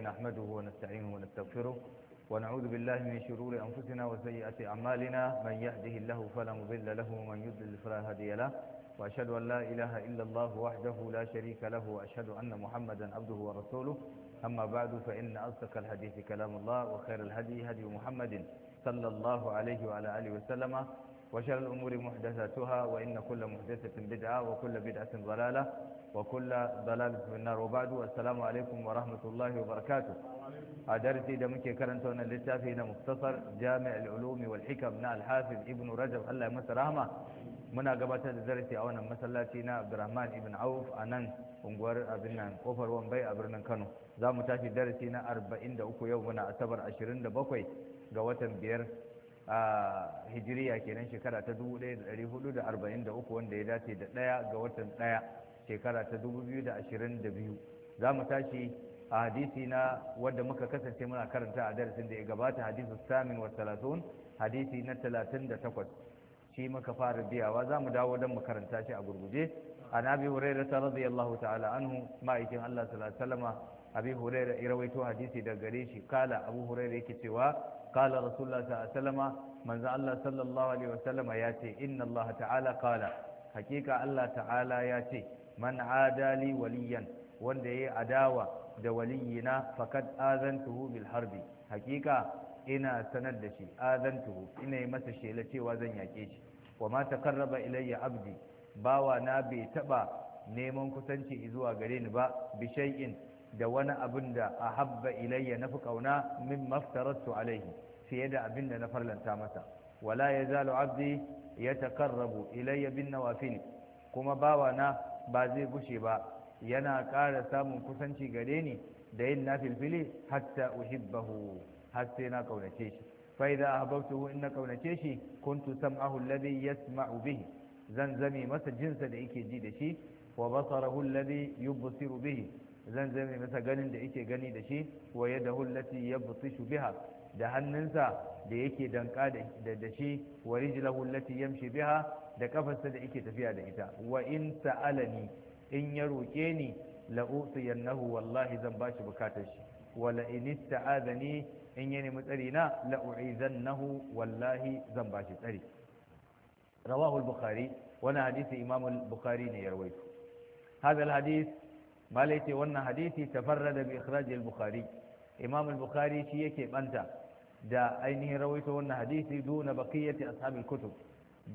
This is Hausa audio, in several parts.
نحمده ونستعينه ونستغفره ونعوذ بالله من شرور أنفسنا وسيئات أعمالنا من يهده الله فلا مضل له ومن يضلل فلا هادي له وأشهد أن لا إله إلا الله وحده لا شريك له وأشهد أن محمدا عبده ورسوله أما بعد فإن أصدق الحديث كلام الله وخير الهدي هدي محمد صلى الله عليه وعلى آله وسلم وشر الأمور محدثاتها وإن كل محدثة بدعة وكل بدعة ضلالة وكل ضلالة من النار وبعد والسلام عليكم ورحمة الله وبركاته أدرسي دمكي littafi na مختصر جامع العلوم والحكم نا الحافظ ابن رجب الله يمسى رحمة muna gabatar da darasi a wannan masallaci na Abdurrahman ibn Auf a nan unguwar abin nan kofar Wambai a birnin Kano za mu tashi darasi na 43 yau muna asabar 27 ga watan biyar a hijiriya kenan shekara ta 1443 wanda ya dace da ɗaya ga watan ɗaya shekara ta 2022 za mu tashi a hadisi na wadda muka kasance muna karanta a darasin da ya gabata hadisu samin wa talatun hadisi na talatin da takwas. shi muka fara biyawa za mu dawo don mu karanta shi a gurguje a abi hurairah ta radiyallahu ta'ala anhu ma'aikin Allah sallallahu alaihi wasallama abi hurairah irawaito hadisi daga gare shi kala abu hurairah yake cewa kala rasulullah sallallahu alaihi wasallama manzo Allah sallallahu alaihi wa sallama ya ce inna Allah ta'ala kala hakika Allah ta'ala ya ce man adali waliyan wanda yi adawa da waliyina faqad azantuhu bil harbi hakika ina sanar da shi azantuhu ina yi masa shela cewa zan yake shi wa ma taqarraba ilayya abdi bawa na bai taba neman kusanci zuwa gare ni ba bi shay'in da wani abin da ahabba ilayya nafi kauna min maftaratu alaihi fiye da abin da na farlanta masa wala yazalu abdi yatakarrabu ilayya bin nawafil kuma bawa na ba zai gushe ba yana ƙara samun kusanci gare ni da yin filfili? hatta uhibbahu har sai na kaunace shi faida idza in na kaunace shi kuntu sam'ahu alladhi yasma'u bihi zan zame masa jinsa da yake ji da shi wa basarahu alladhi yubsiru bihi zan zame masa ganin da yake gani da shi wa yadahu allati yabtishu biha da hannunsa da yake danka da shi wa rijlahu allati yamshi biha da kafarsa da yake tafiya da ita wa in sa'alani in ya roke ni la usiyannahu wallahi zan bashi bukatar shi wa la in ista'adani in ya nemi tsari na la u'izannahu wallahi zan bashi tsari rawahu al-bukhari wani hadisi imam al-bukhari ne ya rawaito hadha al malai ce wannan hadisi tafarrada bi ikhraj al-bukhari imam al-bukhari shi yake banta da ainihin rawaito wannan hadisi duna baqiyati ashabil kutub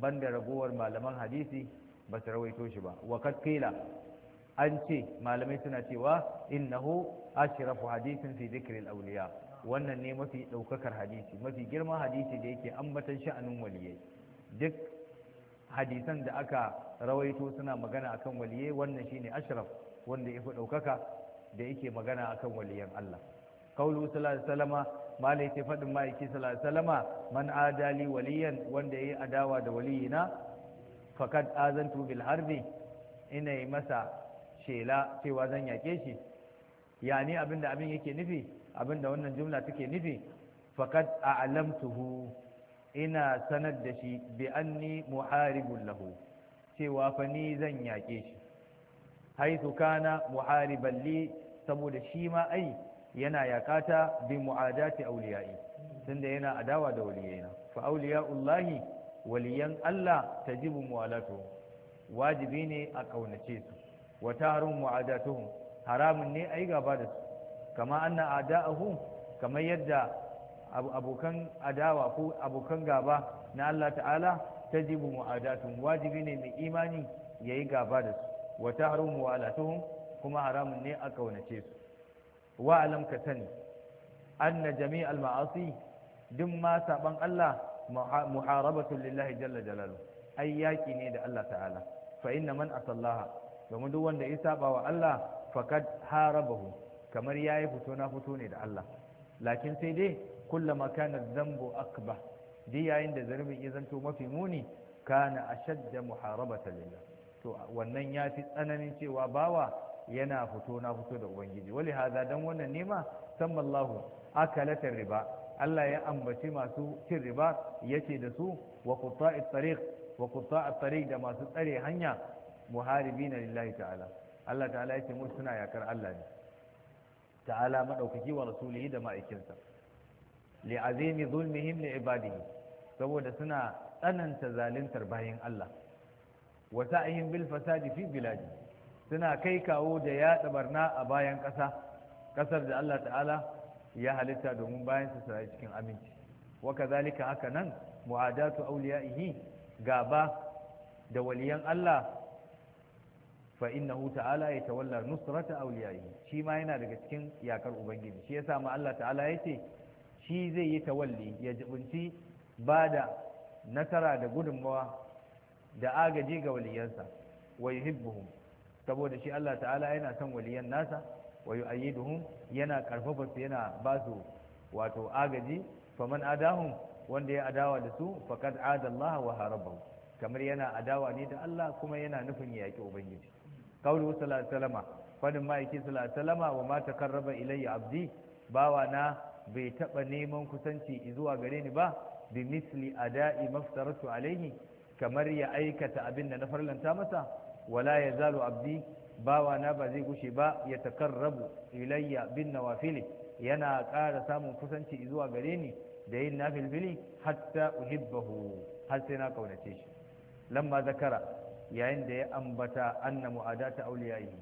banda ragowar malaman hadisi ba su rawaito shi ba wa kakkila an ce malamai suna cewa innahu ashrafu hadisin fi dhikril awliya wannan ne mafi daukakar hadisi mafi girma hadisi da yake ambatan sha'anin waliyai duk hadisan da aka rawaito suna magana akan waliyai wannan shine ashraf wanda yafi daukaka da yake magana akan waliyan Allah qawlu sallallahu alaihi malai ta faɗin ma'aiki salama man adali waliyan wanda ya yi adawa da waliyina fakat azantu bil harbi ina yi masa shela cewa zan yaƙe shi Ya ni abin da abin yake nufi abin da wannan jumla take nufi fakad a'lamtuhu ina sanar da shi bi anni muharibul lahu cewa fa ni zan yaƙe shi haythu kana muhariban li saboda shi ma ai yana yakata bi mu'adati awliya'i tunda yana adawa da waliyaina fa awliya'ullahi waliyan Allah tajibu mu'alatu wajibi ne a kaunace su wa taharun mu'adatuhum haramun ne ayi gaba da su kama anna ada'ahum kamar yadda abokan adawa ko abokan gaba na Allah ta'ala tajibu mu'adatuhum wajibi ne mai imani yayi gaba da su wa taharun mu'alatuhum kuma haramun ne a kaunace su wa alam ka sani anna jami'al ma'asi duk ma saban Allah muharabatu lillahi jalla jalalu ai yaki ne da Allah ta'ala fa inna man asallaha domin duk wanda ya saba wa Allah faqad harabahu kamar yayi fitona fito ne da Allah lakin sai dai kullama kana dhanbu akba duk yayin da zarbin ya zanto mafi muni kana ashadda muharabata lillah to wannan ya fi tsananin cewa bawa yana fito na fito da ubangiji wali haza dan wannan nema sammallahu akalatar riba Allah ya ambaci masu cin riba yace da su wa quta'at tariq wa tariq da masu tsare hanya muharibina lillahi ta'ala Allah ta'ala yace mu suna yakar Allah ne ta'ala madaukaki wa rasulihi da ma'aikinsa li'azimi zulmihim li saboda suna tsananta zaluntar bayin Allah wa sa'ihim bil fasadi fi biladi suna kai kawo da yaɗa barna a bayan ƙasa ƙasar da Allah ta'ala ya halitta domin bayan su sarai cikin aminci wa kazalika haka nan mu'adatu awliya'ihi gaba da waliyan Allah fa innahu ta'ala yatawalla nusrata awliya'ihi shi ma yana daga cikin yakar ubangiji shi yasa ma Allah ta'ala yace shi zai yi tawalli ya jibunci bada nasara da gudunmawa da agaji ga waliyansa wa yuhibbuhum saboda shi Allah ta'ala yana son waliyan nasa wa yu'ayyiduhum yana karfafa su yana ba su wato agaji faman adahum wanda ya adawa da su faqad adallaha wa harabahu kamar yana adawa ne da Allah kuma yana nufin ya yaki ubangiji qawlu sallallahu alaihi fadin ma'aiki sallallahu alaihi wa ma takarraba ilayya abdi bawa na bai taba neman kusanci zuwa gare ni ba bi misli ada'i maftaratu alaihi kamar ya aikata abin da na farlanta masa wala ya zalo abdi Bawana ba zai gushe ba ya takarrabu ilayya bin nawafili yana ƙara samun kusanci zuwa gare ni da yin nafilfili hatta uhibbahu har sai na kaunace shi lamma zakara yayin da ya ambata anna mu'adata yi.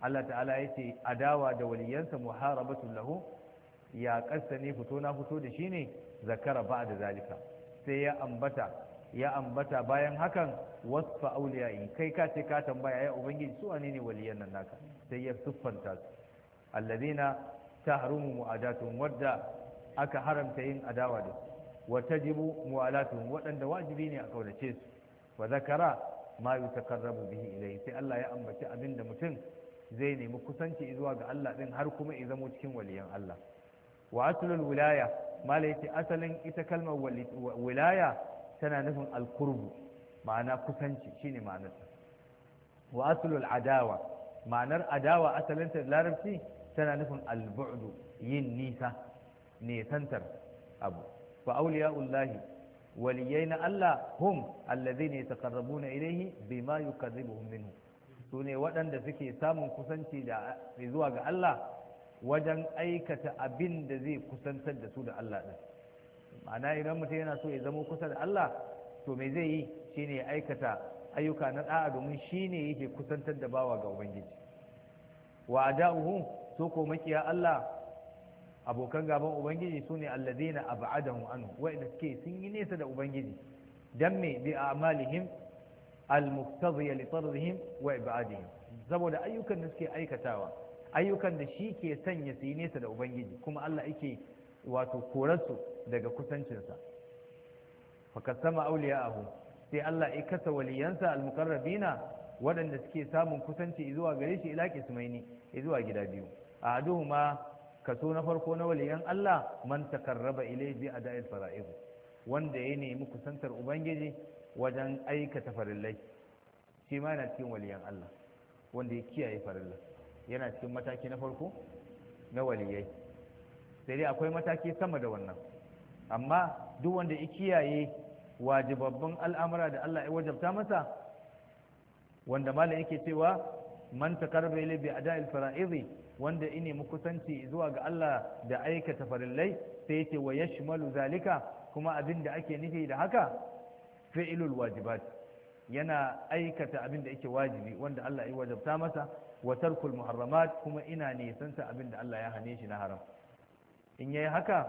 Allah ta'ala ya ce adawa da waliyansa muharabatu lahu ya kasta ne fito na fito da shi ne zakara ba da zalika sai ya ambata ya ambata bayan hakan wasfa auliyai kai ka ce ka tambaya ya ubangiji su ne waliyan nan naka sai ya siffanta su alladhina tahrumu mu'adatun wadda aka haramta yin adawa da wa tajibu mu'alatun waɗanda wajibi ne a kaunace su wa zakara ma yutakarrabu bihi ilayhi sai Allah ya ambaci abin da mutum zai nemi kusanci zuwa ga Allah din har kuma ya zamo cikin waliyan Allah wa aslul wilaya asalin ita kalmar wilaya tana nufin alkurbu ma'ana kusanci shine ma'anarta wa aslul adawa ma'anar adawa asalinta da larabci tana nufin albu'du yin nisa nesantar abu fa auliya'ullahi waliyai na Allah hum allazina yataqarrabuna ilayhi bima yukazzibuhum minhu su ne waɗanda suke samun kusanci da zuwa ga Allah wajen aikata abin da zai kusantar da su da Allah ɗin ma'ana idan mutum yana so ya zama kusa da Allah to me zai yi shine ya aikata ayyuka na da'a domin shine yake kusantar da bawa ga ubangiji wa ada'uhu so ko makiya Allah abokan gaban ubangiji sune alladheena ab'adahu anhu wa'inda suke sun yi nesa da ubangiji dan me bi a'malihim al li tardihim wa ib'adihim saboda ayyukan da suke aikatawa ayyukan da shi ke sanya su yi nesa da ubangiji kuma Allah yake wato korarsu daga kusancinsa fakasama auliya'ahu sai Allah ya kasa waliyansa al-muqarrabina waɗanda suke samun kusanci zuwa gare shi ila kismaini zuwa gida biyu a ma kaso na farko na waliyan Allah man takarraba ilayhi bi ada'il fara'id wanda ya nemi kusantar ubangiji wajen aikata farillai shi ma yana cikin waliyan Allah wanda ya kiyaye farilla yana cikin mataki na farko na waliyai sai dai akwai mataki sama da wannan amma duk wanda ya kiyaye wajibabban al'amura da Allah ya wajabta masa wanda malam yake cewa man takarraba ilayhi bi ada'il fara'idi wanda ine mu kusanci zuwa ga Allah da aikata farillai sai yace wa yashmalu zalika kuma abin da ake nufi da haka fi'ilul wajibat yana aikata abin da yake wajibi wanda Allah ya wajabta masa wa tarkul muharramat kuma ina nisanta abin da Allah ya hane shi na haram in yayi haka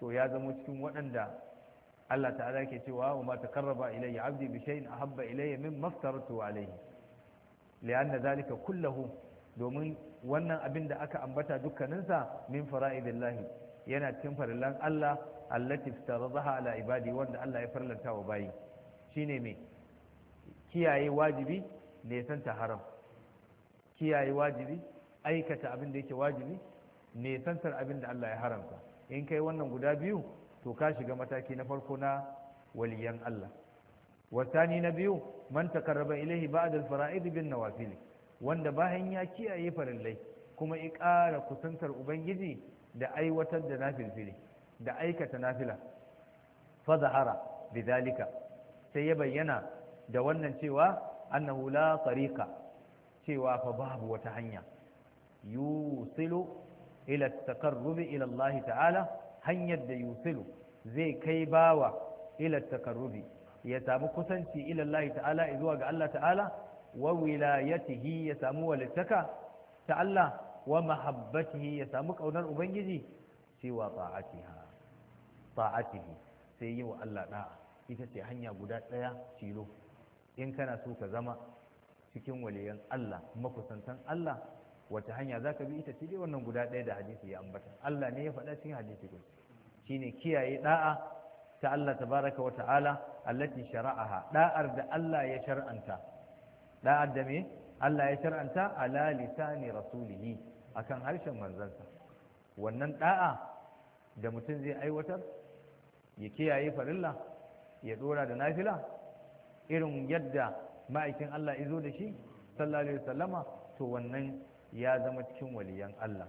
to ya zama cikin waɗanda Allah ta'ala ke cewa wa ma takarraba ilayya abdi bi shay'in ahabba ilayya min maftaratu alayhi li'anna zalika hu domin wannan abin da aka ambata dukkaninsa min fara'idillahi yana cikin farillan Allah allati iftarazaha ala ibadi wanda Allah ya farlanta wa bayi shine me kiyaye wajibi ne santa haram kiyaye wajibi aikata abin da yake wajibi ne santar abin da Allah ya haramta in kai wannan guda biyu to ka shiga mataki na farko na waliyan Allah wasani na biyu man takarraba ilaihi ba'da al-fara'id bin nawafil wanda bayan ya kiyaye farillai kuma ya ƙara kusantar ubangiji da aiwatar da nafilfili da aikata nafila fa zahara Bidalika sai ya bayyana da wannan cewa annahu la tariqa cewa fa babu wata hanya yusilu ila ilallahi ila Allah ta'ala hanyar da yusilu zai kai bawa ila takarrubi ya samu kusanci ila Allah ta'ala zuwa ga Allah ta'ala wa wilayatihi ya samu walittaka ta Allah wa mahabbatihi ya samu kaunar ubangiji cewa ta'atiha ta'atihi sai yi wa Allah da'a ita ce hanya guda ɗaya tilo in kana so ka zama cikin waliyan Allah makusantan Allah wata hanya zaka bi ita ce wannan guda ɗaya da hadisi ya ambata Allah ne ya faɗa cikin hadisi Shi shine kiyaye ɗa'a ta Allah tabaraka wa ta'ala allati shara'aha Ɗa'ar da Allah ya shar'anta Ɗa'ar da me Allah ya shar'anta ala lisani rasulihi akan harshen manzansa wannan ɗa'a da mutum zai aiwatar ya kiyaye farilla ya dora da nafila irin yadda ma'aikin Allah zo da shi sallallahu alaihi wasallama to wannan ya zama cikin waliyan Allah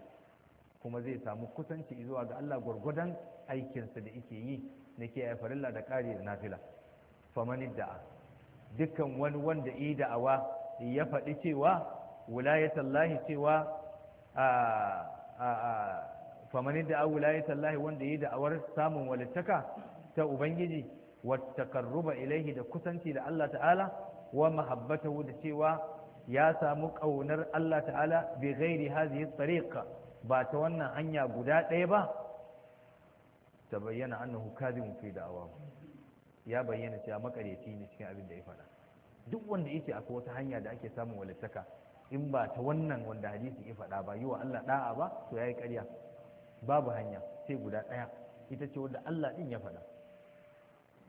kuma zai samu kusanci zuwa ga Allah gwargwadon aikinsa da yake yi na kiyaye farilla da kare da nafila Famanin da'a dukkan wani wanda yi da'awa ya faɗi cewa wulayatallahi cewa famanin da'a wulayatallahi wanda yi da'awar samun walittaka ta ubangiji wata karruba ilaihi da kusanci da Allah ta'ala wa mahabbatahu da cewa ya samu kaunar Allah ta'ala bi ghairi hadhihi tariqa ba ta wannan hanya guda ɗaya ba ta bayyana annahu kadhibun fi da'awa ya bayyana cewa makareci ne cikin abin da ya faɗa duk wanda yake akwai wata hanya da ake samun walittaka in ba ta wannan wanda hadisi ya faɗa ba yi wa Allah da'a ba to yayi ƙarya babu hanya sai guda ɗaya ita ce wanda Allah din ya faɗa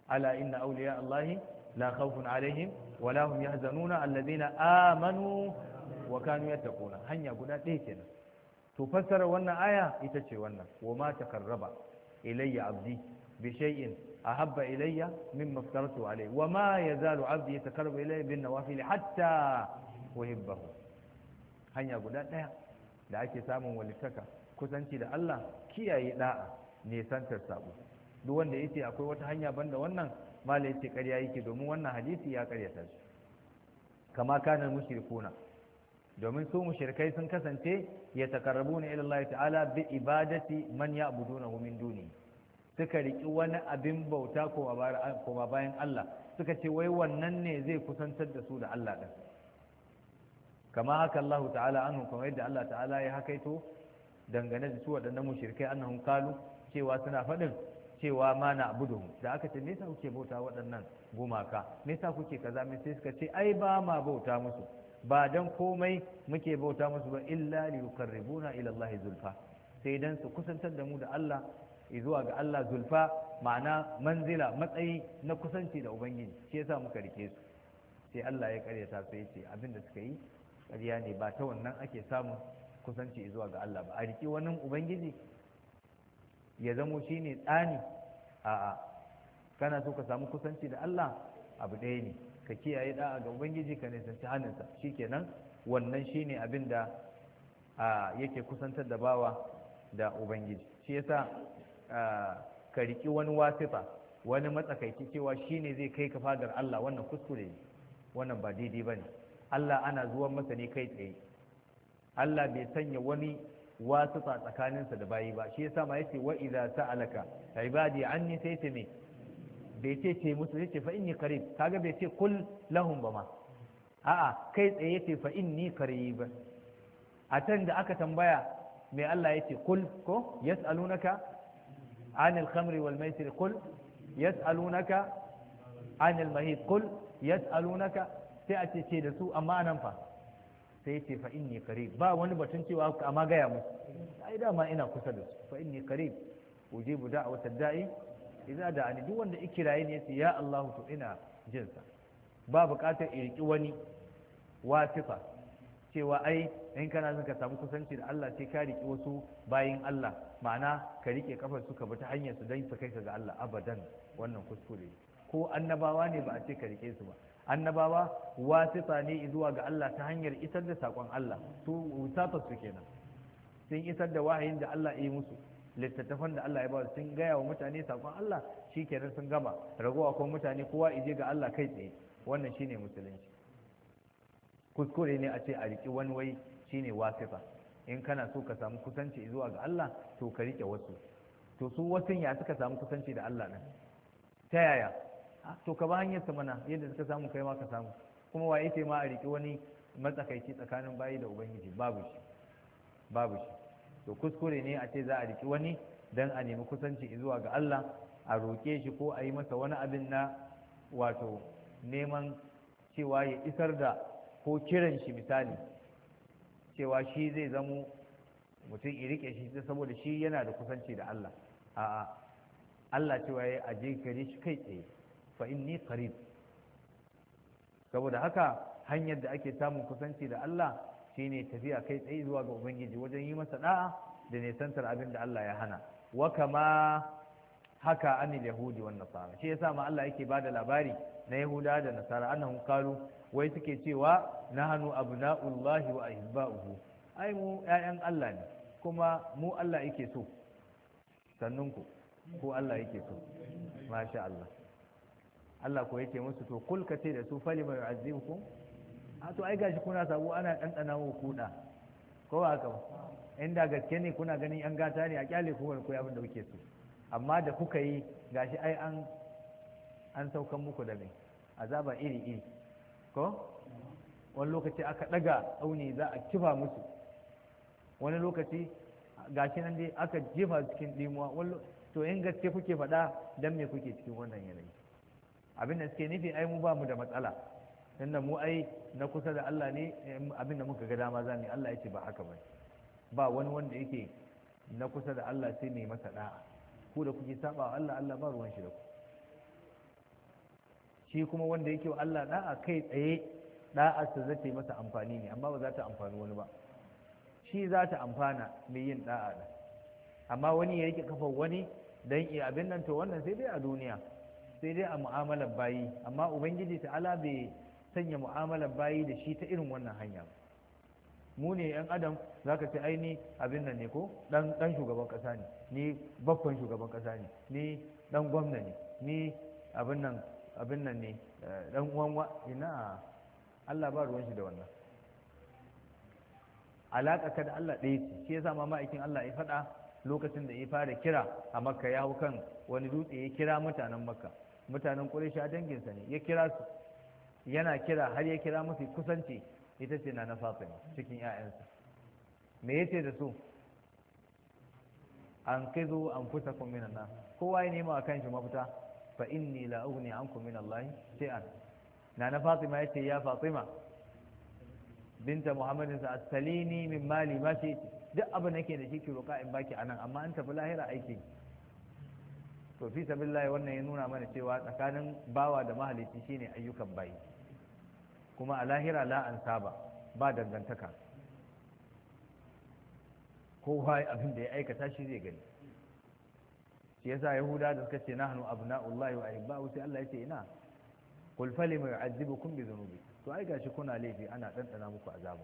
ala inna awliya Allahi la khawfun alaihim wala hum yahzanuna alladhina amanu wa kanu yattaquna hanya guda ɗaya kenan to fassara wannan aya ita ce wannan wa ma takarraba ilayya abdi bi shay'in ahabba ilayya mimma aftartu alayhi wa ma yazalu abdi yatakarrabu ilayya bin nawafil hatta uhibbahu hanya guda ɗaya da ake samun walittaka kusanci da Allah kiyaye da'a ne sabo duk wanda yace akwai wata hanya banda wannan malai ce karya yake domin wannan hadisi ya ƙaryata shi kama kana mushrikuna domin su mushrikai sun kasance ya takarrabu ne ila Allah ta'ala bi ibadati man ya'budunahu min duni suka riki wani abin bauta koma bayan Allah suka ce wai wannan ne zai kusantar da su da Allah din kama haka Allah ta'ala anhu kamar yadda Allah ta'ala ya hakaito dangane da su waɗannan mushrikai annahum qalu cewa suna faɗin cewa ma na abudu da aka ce nisa kuke bauta waɗannan gumaka nisa kuke kaza me sai suka ce ai ba ma bauta musu ba dan komai muke bauta musu ba illa li yuqarribuna ila Allah zulfa sai dan su kusantar da mu da Allah zuwa ga Allah zulfa ma'ana manzila matsayi na kusanci da ubangiji shi yasa muka rike su sai Allah ya karyata sai ce abin da suka yi ƙarya ne ba ta wannan ake samun kusanci zuwa ga Allah ba a riki wani ubangiji ya zamo shi ne tsani a'a kana so ka samu kusanci da Allah abu ɗaya ne ka kiyaye da'a ga ubangiji ka ne nisanci hannunsa Shi nan. wannan shine abin da yake kusantar da bawa da ubangiji shi yasa ka riki wani wasifa wani matsakaici cewa shi ne zai kai ka fadar Allah wannan kuskure wannan ba daidai ne. Allah ana zuwan masa ne kai tsaye Allah bai sanya wani wasu tsakaninsa da bayi ba shi yasa ma yace wa idza sa'alaka ibadi anni sai ce me bai ce ce musu sai ce fa inni qarib kaga bai ce kul lahum ba ma a'a kai tsaye ce fa inni qarib a can da aka tambaya mai Allah yace kul ko yas'alunaka anil khamri wal maisir kul yas'alunaka anil mahid kul yas'alunaka sai a ce ce da su amma anan fa sai ce fa inni qarib ba wani batun cewa amma gaya musu ai dama ina kusa da su fa inni qarib ujibu da'watad da'i idza da'ani duk wanda ikiraye ne yace ya Allah to ina jin sa ba buƙatar irki wani wasifa cewa ai in kana son ka samu kusanci da Allah sai ka riki wasu bayin Allah ma'ana ka rike kafar suka ka bi ta hanyar su dan su kai ga Allah abadan wannan kuskure ko annabawa ne ba a ce ka rike su ba annabawa wasita ne zuwa ga Allah ta hanyar isar da sakon Allah su wusatar su kenan sun isar da wahayin da Allah ya yi musu littattafan da Allah ya ba sun gaya wa mutane sakon Allah shi kenan sun gama ragowa kuma mutane kowa ije ga Allah kai tsaye wannan shine musulunci kuskure ne a ce a riƙi wani wai shine wasifa in kana so ka samu kusanci zuwa ga Allah to ka riƙe wasu to su wasun ya suka samu kusanci da Allah nan ta yaya to ka ba hanyar mana yadda suka samu kai ma ka samu kuma wa yake ma a riƙe wani matsakaici tsakanin bayi da ubangiji babu shi babu shi to kuskure ne a ce za a riƙe wani dan a nemi kusanci zuwa ga Allah a roƙe shi ko a yi masa wani abin na wato neman cewa ya isar da ko kiran shi misali cewa shi zai zamo mutum ya riƙe shi saboda shi yana da kusanci da Allah a'a Allah cewa ya aje gare shi kai tsaye fa inni qarib saboda haka hanyar da ake samun kusanci da Allah shine tafiya kai tsaye zuwa ga ubangiji wajen yi masa da'a da nisantar abin da Allah ya hana wa kama haka anil yahudi wan nasara shi yasa ma Allah yake bada labari na yahuda da nasara annahum qalu wai suke cewa nahnu abna'ullahi wa ahibba'uhu ai mu ƴaƴan Allah ne kuma mu Allah yake so sannunku ko Allah yake so masha Allah Allah ko yake musu to kul ka ce da su fali mai azimku a to ai gashi kuna sabu ana ɗanɗana wa kuɗa ko ba haka ba inda gaske ne kuna ganin yan gata ne a kyale ku wani abin da kuke so amma da kuka yi gashi ai an an saukan muku da mai azaba iri iri ko wani lokaci aka ɗaga auni za a kifa musu wani lokaci gashi nan dai aka jefa cikin ɗimuwa to in gaske kuke faɗa dan me kuke cikin wannan yanayi abinda suke nufi ai mu ba mu da matsala tunda mu ai na kusa da Allah ne abinda muka ga dama za mu Allah yake ba haka ba ba wani wanda yake na kusa da Allah sai mai masa da'a ku da kuke saba wa Allah Allah ba ruwan shi da ku shi kuma wanda yake wa Allah da'a kai tsaye da'a sa za ta yi masa amfani ne amma ba za ta amfani wani ba shi za ta amfana mai yin da'a amma wani ya yake kafa wani dan iya abin nan to wannan sai dai a duniya sai dai a mu'amalar bayi amma ubangiji ala bai sanya mu'amalar bayi da shi ta irin wannan hanya mu ne yan adam za ka ce aini abin nan ne ko dan shugaban kasa ne ni babban shugaban kasa ne ni dan gwamna ne ni abin nan ne eh, dan uwan wa ina Allah ba ruwan shi da wannan alaka ka da Allah ɗaya ce shi yasa ma ma'aikin Allah ya faɗa lokacin da ya fara kira a makka ya hau kan wani dutse ya kira mutanen makka mutanen ƙurisha danginsa ne ya kira su yana kira har ya kira musu kusanci ita ce na na ne cikin 'ya'yansa me ya ce da su an kai zo an kusa kun minan kowa ya nema a kan shi mafita fa inni la ugni ankum min Allah an na na Fatima ce ya Fatima binta Muhammadin sa asalini min mali ma shi duk abin nake da shi ki roƙa in baki anan amma an tafi lahira aiki to fi sabilillahi wannan ya nuna mana cewa tsakanin bawa da mahalicci shine ayyukan bayi kuma a lahira la an saba ba dangantaka Ko kowa abin da ya aikata shi zai gani shi yasa yahuda da suka ce nahnu abna'ullahi wa ahibba'u sai Allah ya ce ina mai falima yu'adhibukum bi dhunubi to ai gashi kuna laifi ana dandana muku azaba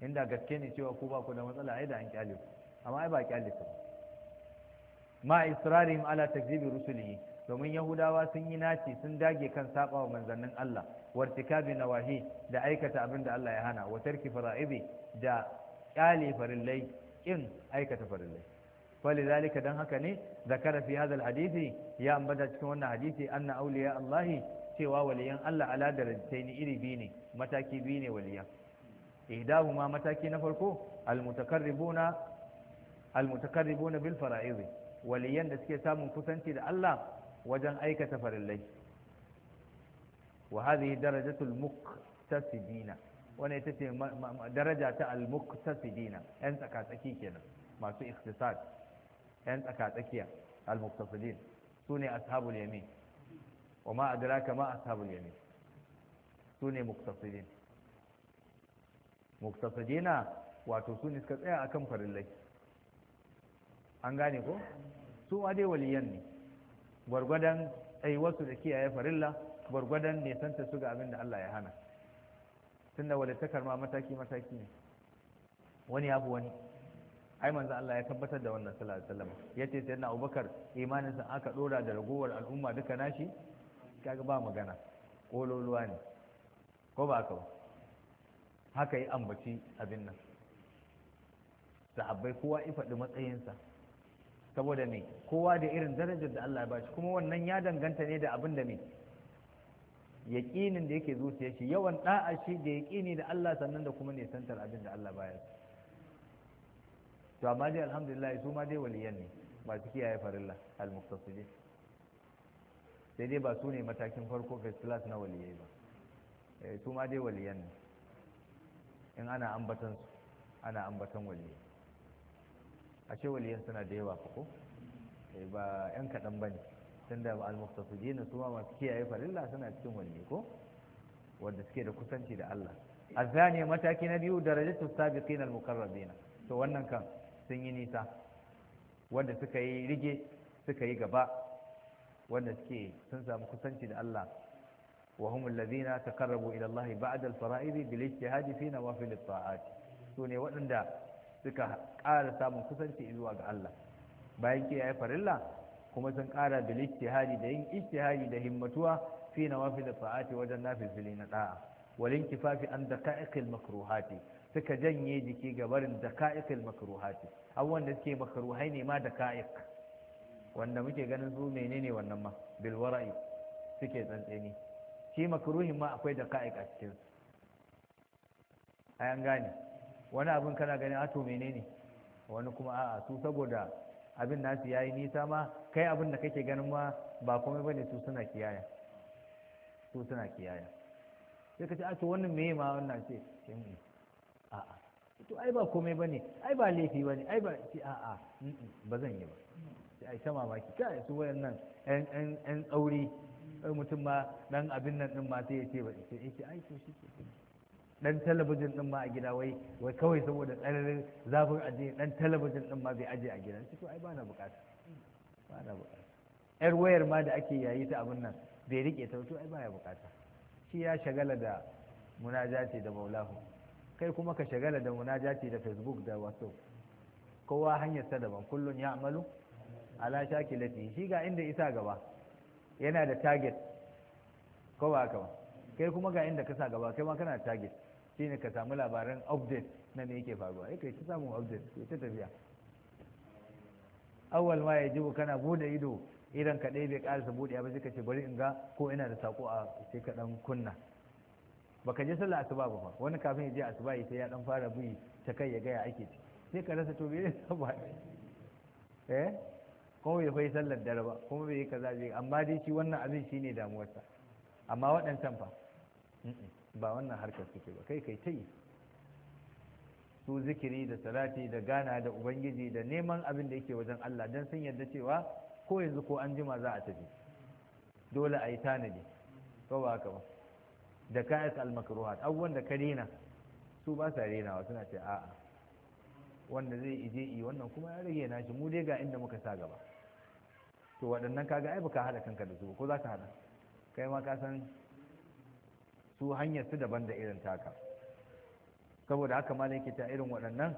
inda gaske ne cewa ku ba ku da matsala ai da an kyale amma ai ba kyale ku ma israrihim ala takzibi rusulihi domin yahudawa sun yi naci sun dage kan saba wa manzannin Allah na nawahi da aikata abin da Allah ya hana wa tarki da kyale farillai in aikata farillai falidhalika dan haka ne zakara fi hadha alhadisi ya ambata cikin wannan hadisi anna awliya Allahi!" cewa waliyan Allah ala darajataini iri bi ne mataki bi ne waliyan ihdahuma mataki na farko almutakarribuna na bil fara'idi waliyan da suke samun kusanci da Allah wajen aikata farillai wa hadhihi darajatul muqtasidina wani ita ce daraja ta al muqtasidina yan tsakatsaki kenan masu ikhtisad yan tsakatsakiya al muqtasidin sune ashabul yamin wa ma adraka ma ashabul yamin sune muqtasidin muqtasidina wato sune suka tsaya akan farillai an gane ko su ma dai waliyan ne gwargwadon wasu da kiyaye farilla gwargwadon nesanta su ga abin da Allah ya hana tunda walittakar ma mataki mataki ne wani abu wani ai manzo Allah ya tabbatar da wannan sallallahu alaihi wasallam yace sayyidina Abubakar imanin sa aka dora da ragowar al'umma duka nashi kaga ba magana kololuwa ne ko ba ka ba haka yi ambaci abin nan sahabbai kowa ya faɗi matsayinsa saboda me kowa da irin darajar da Allah ya bashi kuma wannan ya danganta ne da abin da me yaƙinin da yake zuciya shi yawan da'a shi da yaqini da Allah sannan da kuma nisantar abin da Allah bayar to amma dai alhamdulillah su ma dai waliyan ne masu kiyaye farilla al-muqtasidin sai dai ba su ne matakin farko first class na waliyai ba eh, su ma dai waliyan ne in ana ambatan su ana ambatan waliyai ashe waliyan suna da yawa ko eh, ba yan kaɗan ba ne tun da al-muqtasidina su ma masu kiyaye farilla suna cikin waliyi ko wanda suke da kusanci da Allah azani mataki na biyu darajatu sabiqina al-muqarrabina to wannan kan sun yi nisa wanda suka yi rige suka yi gaba wanda suke sun samu kusanci da Allah wa humul ladina taqarrabu ila Allah ba'da al-fara'id bil ijtihad fi wa at-ta'at to ne waɗanda suka ƙara samun kusanci zuwa ga Allah bayan ke yi farilla kuma sun ƙara bil ijtihadi da yin ijtihadi da himmatuwa fi da sa'ati wajen nafilfili na ɗa'a walin kifafi an daqa'iqil makruhati suka janye jiki ga barin daqa'iqil makruhati abubuwan da suke makruhai ne ma daqa'iq wanda muke ganin su menene wannan ma bil wara'i suke tsantseni shi makruhin ma akwai daqa'iq a cikin ai an gane wani abin kana ganin ato ah, menene wani kuma a'a su saboda abin nasu yayi nisa ma kai abin da kake ganin ma ba komai bane su suna kiyaya su suna kiyaya sai ka ce a ah, to wannan meye ma wannan ce a'a to ai ba komai bane ai ba laifi bane ai ba ce a'a ba zan yi ba sai ai ta mamaki kai su wayannan ɗan ɗan ɗan tsauri mutum ma dan abin nan din ma sai ya ce ba sai ai to shi ke dan talabijin din ma a gida wai wai kawai saboda tsananin zafin aje dan talabijin din ma bai aje a gidan to ai na bukata na bukata yar wayar ma da ake yayi ta abin nan bai rike ta to ai ba ya bukata shi ya shagala da munajati da maulahu kai kuma ka shagala da munajati da facebook da whatsapp kowa hanyar ta daban kullun ya amalu ala shakilati shi ga inda isa gaba yana da target ko ba haka ba kai kuma ga inda ka sa gaba kai ma kana target shine ka samu labaran update na me yake faruwa eh, kai ta samun update ke ta tafiya Awal ma yajibu kana bude ido idan ka ɗaya bai ƙarasa buɗe ba sai ka ce bari in ga ko ina da sako a sai ka ɗan kunna baka je sallah asuba ba fa wani kafin ya je asuba ya sai ya ɗan fara bi ta kai ya gaya ake ci sai ka rasa to bai yi ba eh kuma bai fai sallar dare ba kuma bai yi kaza bai amma dai shi wannan abin shine damuwarsa amma waɗancan fa ba wannan harkar suke ba kai kai ta yi su zikiri da salati da gana da ubangiji da neman abin da yake wajen Allah don sun yadda cewa ko yanzu ko an jima za a tafi dole a yi tanadi ko ba haka ba da kayak almakruhat abubuwan da ka rena su ba sa renawa suna ce a'a wanda zai ije yi wannan kuma ya rage nashi mu dai ga inda muka sa gaba to waɗannan kaga ai baka hada kanka da su ko za ka hada kai ma ka san su hanyar su daban da irin taka saboda haka malaki ta irin waɗannan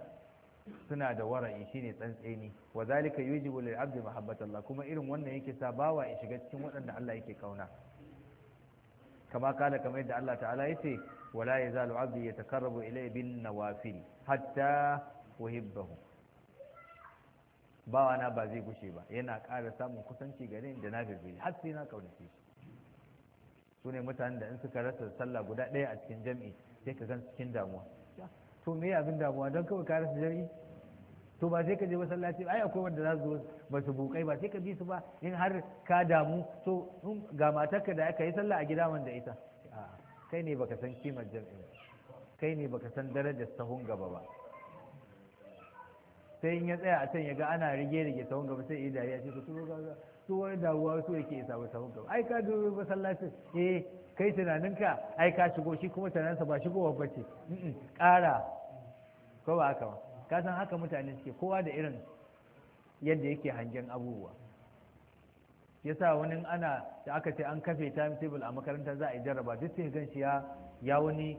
suna da wara'i shine tsantseni wa zalika yujibu lil abdi Allah, kuma irin wannan yake sa bawa ya shiga cikin waɗanda Allah yake kauna kama kala kamar yadda Allah ta'ala yace wala yazalu abdi yatakarrabu ilayya bin nawafil hatta uhibbahu na ba zai gushe ba yana ƙara samun kusanci gare ni da na gabe har sai na kaunace shi su ne mutanen da in suka rasa sallah guda ɗaya a cikin jami'i sai ka gan cikin damuwa to me abin damuwa don kawai ka rasa jami'i? to ba sai ka je masallaci ai akwai wanda za su zo ba su bukai ba sai ka bi su ba in har ka damu to ga matarka da aka yi sallah a gida wanda ita kai ne baka san kimar jami'i? kai ne baka san darajar sahun gaba ba sai in ya tsaya a can ya ga ana rige rige sahun gaba sai ya yi dariya sai ka tuno ga su wani damuwa su yake isa wata hukam ai ka dubi masallacin eh kai tunaninka ai ka shigo shi kuma tunaninsa ba shigo ba ce ƙara ko ba haka ba ka san haka mutane suke kowa da irin yadda yake hangen abubuwa yasa wani ana da aka ce an kafe table a makaranta za a yi jarraba duk sai gan shi ya ya wani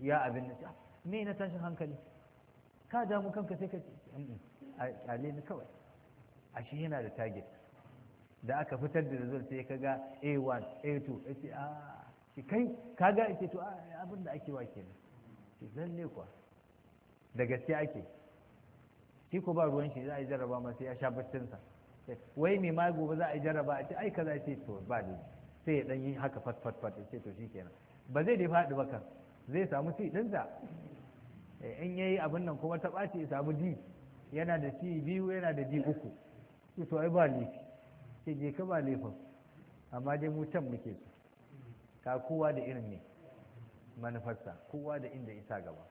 ya abin da me na tashin hankali ka damu kanka sai ka ce a ne kawai, kawai ashe yana da target da aka fitar da result sai kaga a1 a2 ce a ah, ki kai kaga ake to ah, abin da ake wa kenan ki ne kuwa da gaske ake shi ko ba ruwan shi za a yi jarraba ma sai ya sha baccin sa wai me ma gobe za a yi jarraba a ce ai kaza ce to ba ne sai ya dan yi haka fat fat fat ce to shikenan ba zai dai faɗi ba kan zai samu ci ɗinsa eh, in yayi abin nan kuma ta ɓaci ya samu D, yana da ci biyu yana da D uku to ai ba laifi ce je ka ba laifin amma dai mu can muke su ka kowa da irin ne manufarsa kowa da inda isa gaba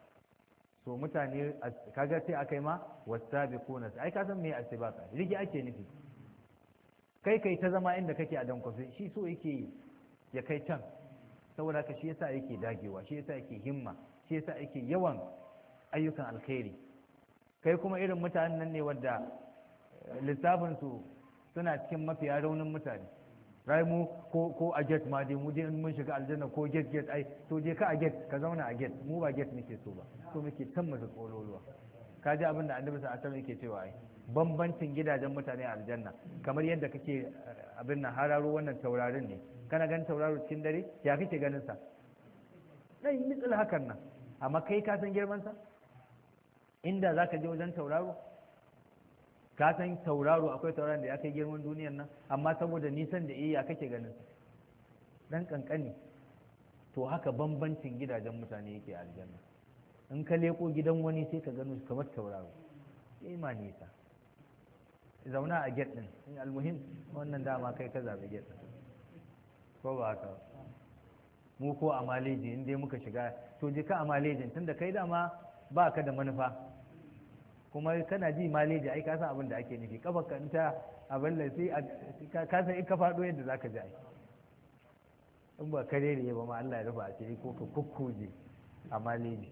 so mutane kaga sai akai ma wasabiquna ai ka san me asibaka rigi ake nufi kai kai ta zama inda kake a dankwafe shi so yake ya kai can saboda ka shi yasa yake dagewa shi yasa yake himma shi yasa yake yawan ayyukan alkhairi kai kuma irin mutanen nan ne wanda eh, lissafinsu suna cikin mafiya raunin mutane rai mu ko ko a get ma dai mu dai mun shiga aljanna ko get get ai to je ka a get ka zauna a get mu ba get muke so ba so muke tammata tsololuwa ka ji abin da annabi sallallahu alaihi yake cewa ai bambancin gidajen mutane a aljanna kamar yadda kake eh, abin nan hararo wannan taurarin ne kana ganin tauraro cikin dare ya kake ganin sa dai mitsil hakan nan amma kai ka san girman sa inda zaka je wajen tauraro ka san tauraro akwai tauraron da ya kai girman duniyar nan amma saboda nisan da iya kake ganin dan kankani to haka bambancin gidajen mutane yake aljanna in ka leko gidan wani sai ka gano kamar tauraro ma nisa zauna a get din in almuhim wannan dama kai ka zaɓi get din ko ba haka mu ko a malejin, in dai muka shiga to je ka a malejin tunda kai dama ba ka da manufa kuma kana ji maleji ai ka san abin da ake nufi kafa kanta abin da sai ka san in ka faɗo yadda zaka ji ai in ba kare ne ba ma Allah ya rufa asiri ko ka kukkuje a maleji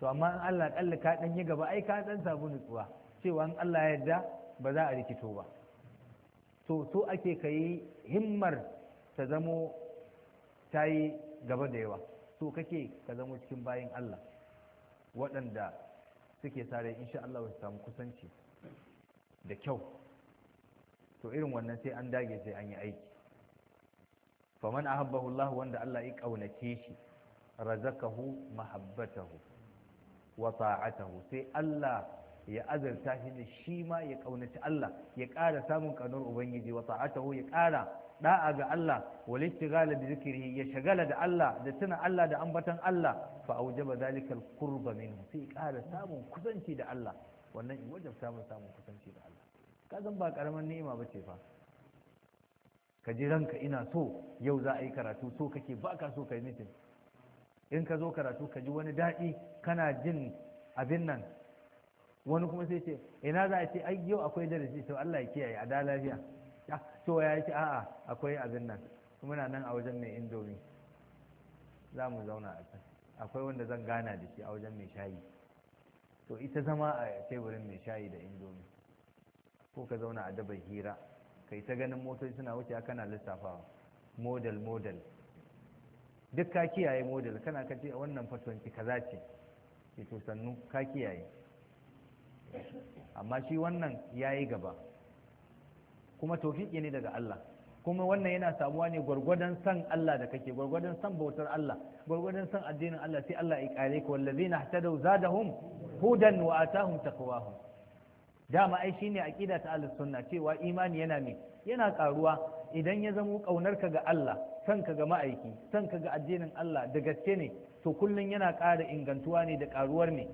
to amma in Allah kalla ka dan yi gaba ai ka dan sabulu nutsuwa cewa in Allah ya yarda ba za a rikito ba to so ake kai himmar ta zamo tayi gaba da yawa so kake ka zamo cikin bayin Allah waɗanda suke in insha Allah su samu kusanci da kyau to irin wannan sai an dage sai an yi aiki faman ahabbahu Allah wanda Allah ya kaunace shi razakahu mahabbatahu wa ta'atahu sai Allah ya azarta shi ne shi ma ya kaunaci Allah ya ƙara samun kanar ubangiji wa ta'atahu ya ƙara da'a ga Allah wal istighal bi zikrihi ya shagala da Allah da tuna Allah da ambatan Allah fa aujaba zalika al qurba minhu sai ƙara samun kusanci da Allah wannan in wajen samun samun kusanci da Allah ka zan ba karaman ni'ima bace fa ka ji ranka ina so yau za a yi karatu so kake ba ka so kai mutum. in ka zo karatu ka ji wani daɗi kana jin abin nan wani kuma sai ce ina za a ce ai yau akwai darasi to Allah ya kiyaye a da lafiya to ya yake a'a akwai abin nan muna nan a wajen mai indomi za mu zauna a can akwai wanda zan gana da shi a wajen mai shayi to ita zama a teburin mai shayi da indomi ko ka zauna a dabar hira kai ta ganin motoci suna wuce kana lissafawa model model duk ka kiyaye model kana ka ce wannan fatonki kaza ce ke to ka kiyaye amma shi wannan ya yi gaba kuma taufiki ne daga Allah kuma wannan yana samuwa ne gwargwadon san Allah da kake gwargwadon san bautar Allah gwargwadon san addinin Allah sai Allah ya kare ka wallazina ihtadaw zadahum hudan wa atahum taqwahum dama ai shine aqida ta ahlus sunna cewa imani yana ne, yana karuwa idan ya zamo kaunarka ga Allah sanka ga ma'aiki ka ga addinin Allah da gaske ne to kullun yana ƙara ingantuwa ne da karuwar ne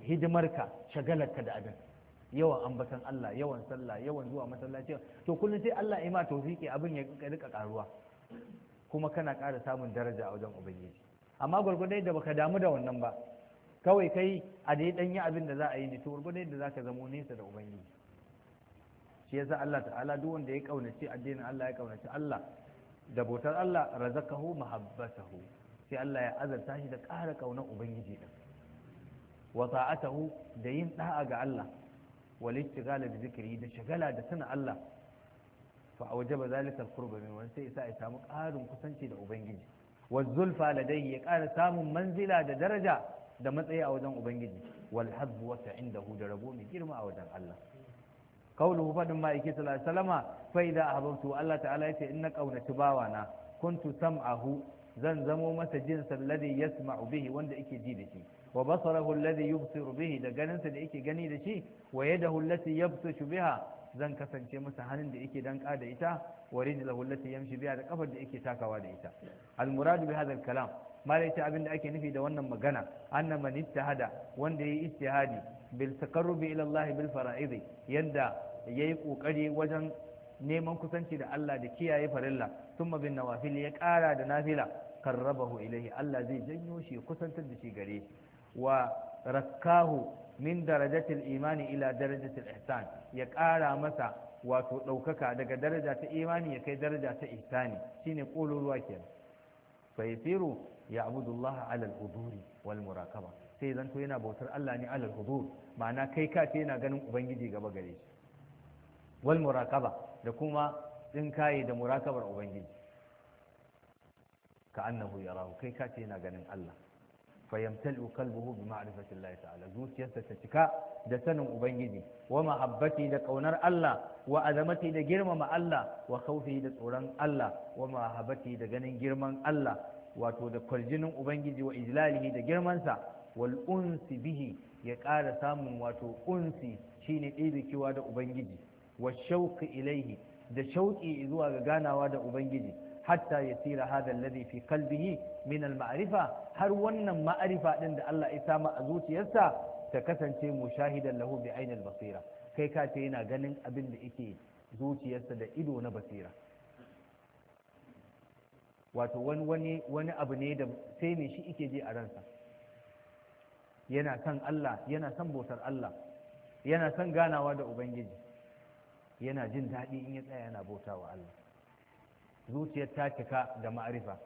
hidimarka shagalarka da abin yawan ambatan Allah yawan sallah yawan zuwa masallaci to kullum sai Allah ya ma tawfiki abin ya rika karuwa kuma kana ƙara samun daraja a wajen ubangiji amma gwargwadon da baka damu da wannan ba kawai kai a dai dan yi abin da za a yi ne to gwargwadon da zaka zamo nesa da ubangiji shi yasa Allah ta'ala duk wanda ya kaunaci addinin Allah ya kaunaci Allah da bautar Allah razakahu mahabbatahu sai Allah ya azarta shi da ƙara kaunar ubangiji din wa ta'atahu da yin da'a ga Allah wal ishtighala bi zikri da shagala da sanin Allah fa ba za al-qurba min wani sai isa ya samu ƙarin kusanci da ubangiji wa zulfa dai ya ƙara samun manzila da daraja da matsayi a wajen ubangiji wal hazbu wa hu da rabo mai girma a wajen Allah kauluhu fadin ma'aiki sallallahu salama wasallama fa idza ahbabtu Allah ta'ala yace inna qaunatu bawana kuntu sam'ahu zan zamo masa jinsa ladhi yasma'u bihi wanda yake ji da shi wa basarahu alladhi yubsiru bihi da ganinsa da yake gani da shi wa yadahu allati yabtashu biha zan kasance masa hannun da yake danka da ita wa rijlahu allati yamshi biha da kafar da yake takawa da ita al muradu bi hadha al kalam malaita abin da ake nufi da wannan magana anna man ittahada wanda yayi yi bil taqarrubi ila Allah bil fara'id yanda yayi kokari wajen neman kusanci da Allah da kiyaye farilla thumma bin nawafil ya kara da nafila karrabahu ilaihi Allah zai janyo shi kusantar da shi gare shi wa rakkahu min darajatil imani ila darajatil ihsan ya ƙara masa wato ɗaukaka daga daraja ta imani ya kai daraja ta ihsani shine ƙololuwa kenan fa yasiru ya abudullah ala al-huduri wal muraqaba sai zanto yana bautar Allah ne alal hudur ma'ana kai ka ce yana ganin ubangiji gaba gare wal murakaba da kuma din kaye da murakabar ubangiji ka annahu yarahu kai ka ce yana ganin Allah fayamtalu qalbuhu bi ma'rifati Allah ta'ala zuciyarsa ta cika da sanin ubangiji wa mahabbati da ƙaunar Allah wa azamati da girmama Allah wa khawfi da tsoron Allah wa mahabbati da ganin girman Allah wato da kwaljinin ubangiji wa ijlalihi da girmansa wal unsi bihi ya ƙara samun wato unsi shine ɗebikewa da ubangiji wa shauƙi ilaihi da shauƙi zuwa ga ganawa da ubangiji hatta ya tira hada alladhi fi qalbihi min al har wannan ma'arifa din da Allah ya sama a zuciyarsa ta kasance mushahidan lahu bi ainil basira kai ka ce yana ganin abin da yake zuciyarsa da ido na basira wato wani abu ne da sai me shi yake je a ransa yana son Allah Allah yana son ganawa da ubangiji yana jin daɗi in ya tsaya yana bautawa Allah zuciyar ta cika da ma'arifa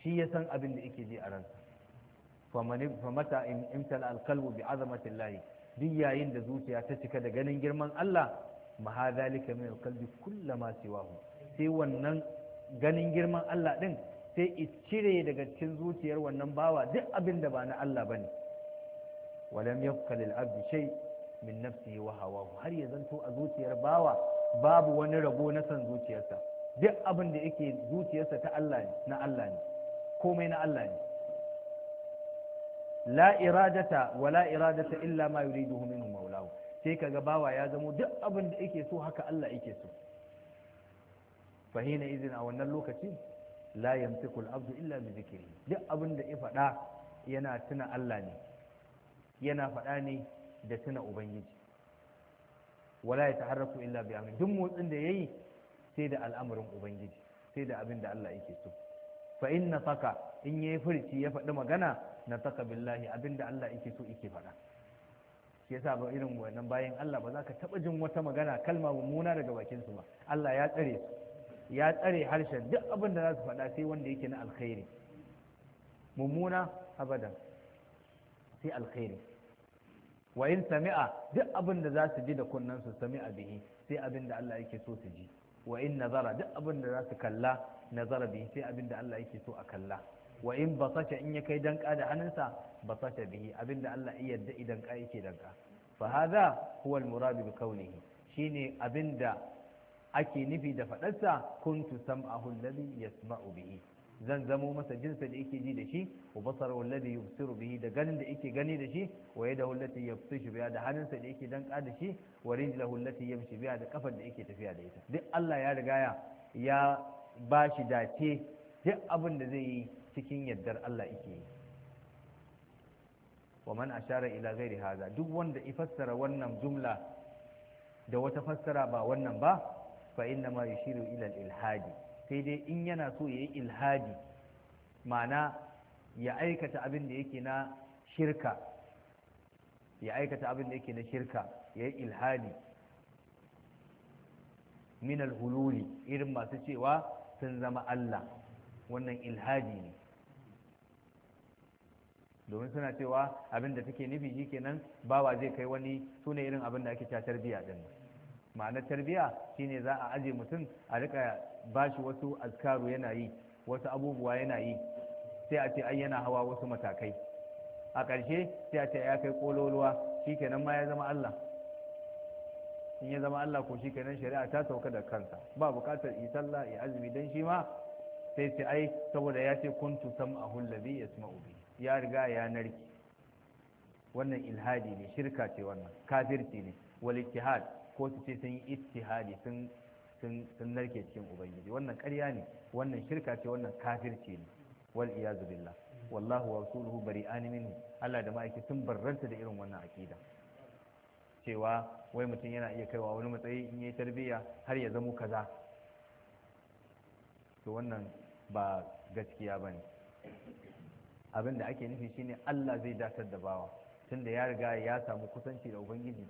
shi ya san abin da yake ji a ransa famata imtala alkalbu bi azamatin layi duk yayin da zuciya ta cika da ganin girman Allah ha zalika min alkalbi kullama siwahu sai wannan ganin girman Allah din sai i cire daga cikin zuciyar wannan bawa duk abin da ba na Allah bane walam yafkalil abdi shay min nafsihi wa hawahu har ya zanto a zuciyar bawa babu wani rabo na san zuciyarsa duk abin da yake zuciyarsa ta Allah ne na Allah ne komai na Allah ne la iradata wala iradata illa ma yuriduhu minhu maulahu sai kaga bawa ya zamo duk abin da yake so haka Allah yake so fahina izin a wannan lokaci la yamsiku al-abdu illa bi zikri duk abin da ya faɗa yana tuna Allah ne yana faɗa ne da tuna ubangiji wala ya taharraku illa bi amri duk motsin da yayi sai da al'amarin ubangiji sai da abin da Allah yake so fa in nasaka in yayi furci ya faɗi magana nasaka billahi abin da Allah yake so yake faɗa shi yasa ba irin wannan bayan Allah ba za ka taɓa jin wata magana kalma mummuna daga bakin su ba Allah ya tsare su ya tsare harshen duk abin da za su faɗa sai wanda yake na alkhairi mummuna abadan sai alkhairi wa in sami'a duk abin da za su ji da kunnen su sami'a bihi sai abin da Allah yake so su ji wa in nazara duk abin da za su kalla nazara bihi sai abin da Allah yake so a kalla wa in basata in ya kai danka da hannunsa basata bihi abin da Allah ya yarda idan ka yake danka fa hadha huwa al murad bi kaunihi shine abin da ake nufi da fadarsa kuntu sam'ahu alladhi yasma'u bihi zan zamo masa jinsa da yake ji da shi wa basara wallazi yubsiru bihi da ganin da yake gani da shi wa yadahu allati yabtishu biha da hannunsa da yake danka da shi wa rijlahu allati yamshi biha da kafar da yake tafiya da ita duk Allah ya riga ya ba shi dace duk abin da zai yi cikin yardar Allah yake yi wa man ashara ila ghairi hadha duk wanda ifassara wannan jumla da wata fassara ba wannan ba fa inna ma yushiru ila al-ilhadi sai dai in yana so ya yi ilhadi ma'ana ya aikata abin da yake na shirka ya aikata abin da yake na shirka ya yi ilhadi min alhululi irin masu cewa sun zama Allah wannan ilhadi ne domin suna cewa abin da take nufi shi kenan bawa zai kai wani sune irin abin da ake catar biya din ma'ana tarbiya shine za a aje mutum a rika bashi wasu azkaru yana yi wasu abubuwa yana yi sai a ce ai yana hawa wasu matakai a ƙarshe sai a ce ya kai kololuwa shikenan ma ya zama Allah in ya zama Allah ko shikenan shari'a ta sauka da kansa ba buƙatar yi sallah ya azumi dan shi ma sai ce ai saboda ya ce kuntu sam'ahu allazi yasma'u bi ya riga ya narki wannan ilhadi ne shirka ce wannan kafirci ne wal ko su ce sun yi ittihadi sun sun narke cikin ubangiji wannan ƙarya ne wannan shirka ce wannan kafirci ne wal iyazu billah wallahu wa rasuluhu bari'an minhu Allah da ma'aiki sun barranta da irin wannan akida cewa wai mutum yana iya kaiwa wani matsayi in yi tarbiyya har ya zamo kaza to wannan ba gaskiya bane abin da ake nufi shine Allah zai datar da bawa tunda ya riga ya samu kusanci da ubangiji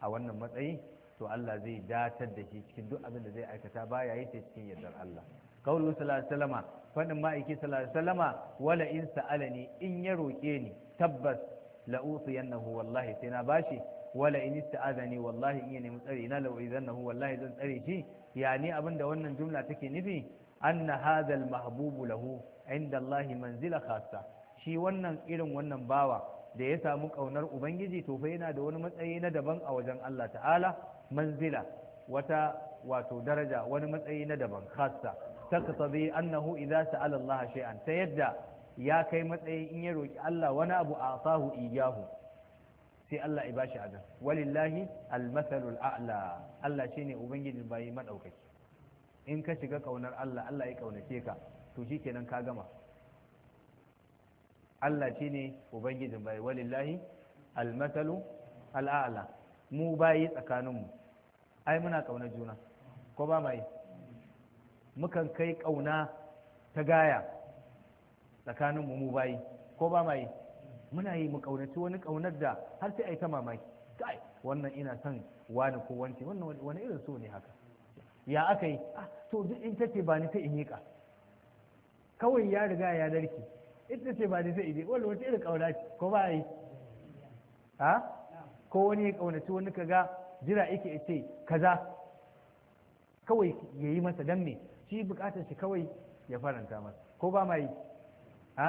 a wannan matsayi to Allah zai datar da shi cikin duk abin da zai aikata baya yi ta cikin yardar Allah kaulu sallallahu alaihi wasallama fadin ma'aiki sallallahu alaihi wasallama wala in sa'alani in ya roke ni tabbas la usiyannahu wallahi sai na bashi wala in ista'azani wallahi in ya nemi tsare na la uizannahu wallahi zan tsare shi yani abin da wannan jumla take nufi anna hadha al-mahbubu lahu inda Allah manzila khassa shi wannan irin wannan bawa da ya samu kaunar ubangiji to fa yana da wani matsayi na daban a wajen Allah ta'ala manzila wata wato daraja wani matsayi na daban khassa taktabi annahu idza sa'ala Allah shay'an ta yadda ya kai matsayi in ya roki Allah wani abu a atahu iyahu sai Allah ya bashi adan walillahi almathalul a'la Allah shine ubangijin bayi madaukaki in ka shiga kaunar Allah Allah ya kaunace ka to shikenan ka gama Allah shine ubangijin bayi walillahi almathalu al'a'la mu bayi tsakaninmu ai muna ƙaunar juna ko ba mai mukan kai ƙauna ta gaya tsakaninmu mu bayi ko ba mai muna yi mu ƙaunaci wani ƙaunar da har sai ai ta mamaki kai wannan ina son wani ko wance wannan wani irin so ne haka ya aka yi ah, to duk in tace ba ni ta in yiƙa kawai ya riga ya narke ita ce ba ni ta in yi wani wata irin ƙauna ko ba yi ha ah? ko wani ya kaunaci wani ka ga jira yake ce kaza kawai ya yi masa dan me shi bukatar shi kawai ya faranta masa ko ba ma yi ha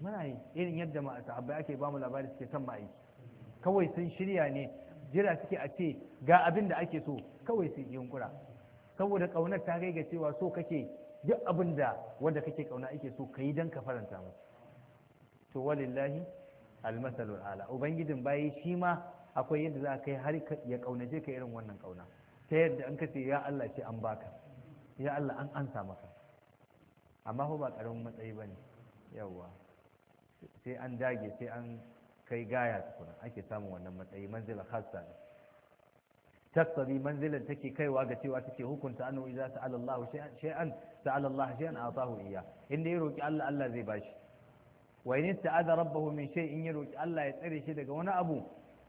muna yi irin yadda ma sahabbai ake ba mu labari suke son yi, kawai sun shirya ne jira suke a ce ga abin da ake so kawai su yunkura saboda ƙaunar ta kai ga cewa so kake duk abin da wanda kake kauna ake so ka yi dan ka faranta masa to walillahi almasalul ala ubangijin bayi shi ma akwai yadda za ka yi har ya kaunace ka irin wannan kauna ta yadda an kace ya Allah ce an baka ya Allah an ansa maka amma ko ba karamin matsayi bane yawa sai an dage sai an kai gaya tukuna ake samun wannan matsayi manzila khassa ne tattabi manzilan take kaiwa ga cewa take hukunta annahu idza sa'ala Allah shay'an sa'ala Allah shay'an atahu iya inda ya roki Allah Allah zai bashi wa in ista'adha rabbahu min shay'in ya roki Allah ya tsare shi daga wani abu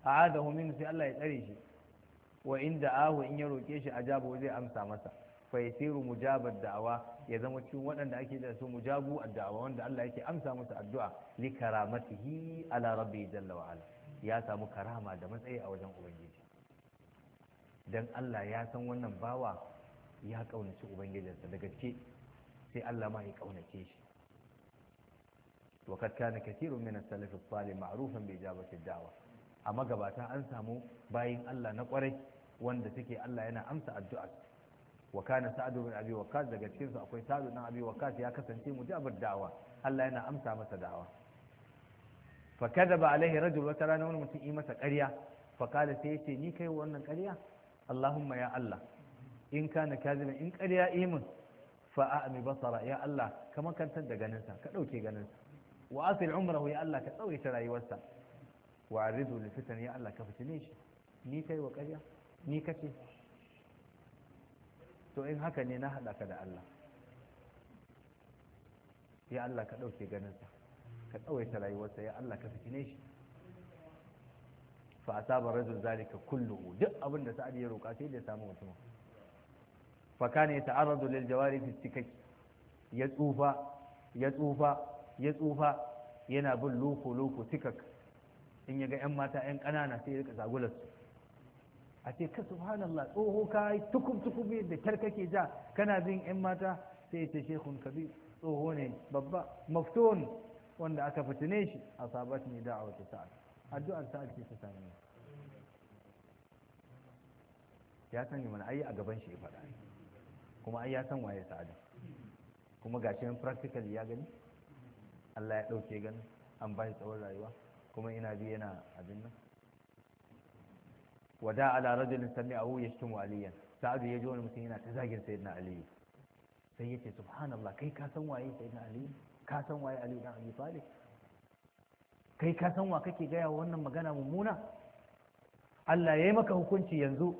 a'adahu min sai Allah ya tsare shi wa in da'ahu in ya roke shi ajabu zai amsa masa fa yasiru mujabar da'awa ya zama cikin waɗanda ake da su mujabu da'awa wanda Allah yake amsa musu addu'a li karamatihi ala rabbi jalla wa ala ya samu karama da matsayi a wajen ubangiji dan Allah ya san wannan bawa ya kaunaci ubangijinsa da gaske sai Allah ma ya kaunace shi wa kad kana kathirun min as-salaf as-salih ma'rufan bi ijabati ad-da'wa a magabata an samu bayin Allah na kwarai wanda take Allah yana amsa addu'a wa kana sa'd bin abi waqqas daga cikin su akwai sa'd bin abi waqqas ya kasance abar da'wa Allah yana amsa masa da'wa fa kadaba alaihi rajul wa tarana wani mutum yi masa ƙarya fa kala sai yace ni kai wannan ƙarya Allahumma ya Allah in kana kaziban in ƙarya imin fa a'mi basara ya Allah ka makantar da ganinsa ka ɗauke ganinsa wa asir umrahu ya Allah ka tsawaita rayuwarsa wa aridu li fitan ya Allah ka fitine shi ni kai wa ƙarya ni kace to in haka ne na haɗa ka da Allah ya Allah ka ɗauke ganinsa ka tsawaita rayuwarsa ya Allah ka fitine shi fa asaba rajul zalika kulluhu duk abin da sa'ad ya roƙa sai da ya samu mutum fa kana yata'arradu lil jawari fi tikaki ya tsufa ya tsufa ya tsufa yana bin loko loko tikak in ya ga 'yan mata 'yan ƙanana sai ya zagular su a ce ka subhanallah tsoho ka yi tukub tukub yadda kyar kake ja kana bin 'yan mata sai ce shekun kabi tsoho ne babba mafton wanda aka fitine shi a sabat ne da a wata sa'ad addu'ar sa'ad ce ta sami ya san yi mana ayi a gaban shi ya faɗa kuma ai ya san waye sa'ad kuma gashi practical ya gani Allah ya ɗauke ganin an ba tsawon rayuwa kuma ina biya na abin nan wada ala rajulin sami abu ya cikin aliyan sa'adu ya ji wani mutum yana ta zagin na aliyu sai ya ce subhanallah kai ka san waye na aliyu ka san waye aliyu dan talib kai ka san wa kake gaya wa wannan magana mummuna Allah ya yi maka hukunci yanzu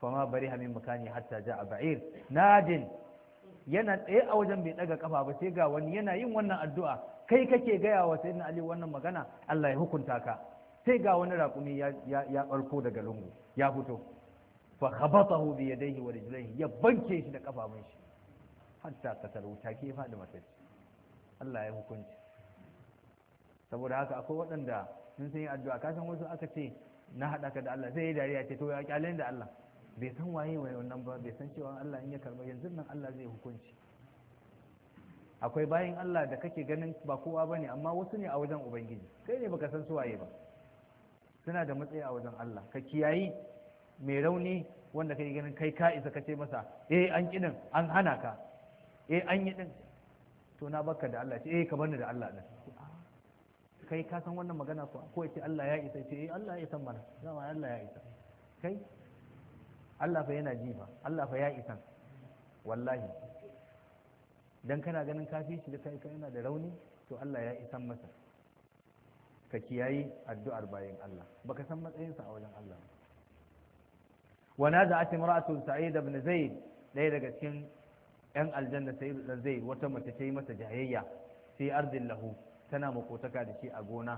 fama bari hamin makani hatta ja'a ba'ir nadin yana tsaye a wajen bai ɗaga kafa ba sai ga wani yana yin wannan addu'a kai kake gaya wa sayyidina ali wannan magana Allah ya hukunta ka sai ga wani raƙumi ya ɓarko daga lungu ya fito fa khabatahu bi yadayhi wa rijlaihi ya banke shi da kafafun shi hatta wuta ke faɗi masa Allah ya hukunci saboda haka akwai waɗanda sun sun yi addu'a kasan wasu aka ce na hada ka da Allah sai ya dariya ce to ya kyalen da Allah bai san waye waye wannan ba bai san cewa Allah in ya karba yanzu nan Allah zai hukunci akwai bayin Allah da kake ganin ba kowa bane amma wasu ne a wajen ubangiji kai ne baka san su waye ba suna da matsayi a wajen Allah ka kiyayi mai rauni wanda kai ganin kai ka isa kace masa eh an kidin an hana ka eh an yi din to na baka da Allah ce eh ka bani da Allah din kai ka san wannan magana ko ko ce Allah ya isa ce eh Allah ya isa mana dama Allah ya isa kai Allah fa yana jifa Allah fa ya isan wallahi dan kana ganin kafi shi da kai yana da rauni to Allah ya isan masa ka kiyayi addu'ar bayan Allah baka san matsayinsa a wajen Allah wa naza'at imra'atu sa'id ibn zaid ɗaya daga cikin yan aljanna sa'id ibn zai wata mace ta yi masa jayayya sai ardin lahu tana makotaka da shi a gona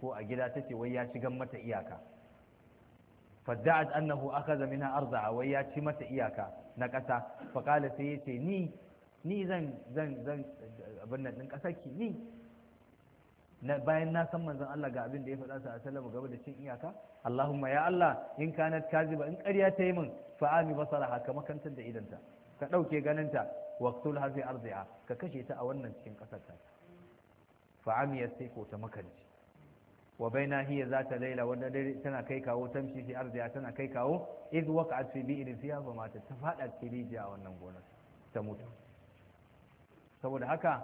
ko a gida ta ce wai ya shigan mata iyaka fadda'at annahu akhadha minha arda'a wai ya ci mata iyaka na ƙasa fa sai yace ni ni zan zan zan abin ni na bayan na san manzon Allah ga abin da ya faɗa sa sallama game da cin iyaka Allahumma ya Allah in kanat kaziba in ƙarya ta yi min fa'ami ami basaraha ka makantar da idanta ka ɗauke ganinta waqtul hafi arzi'a ka kashe ta a wannan cikin ƙasar ta fa ya sai ko ta makanci wa baina hiya ta laila wanda dare tana kai kawo tamshi fi arziya tana kai kawo iz waqa'at fi irin fiha fa mata ta fada a wannan gonar ta mutu saboda haka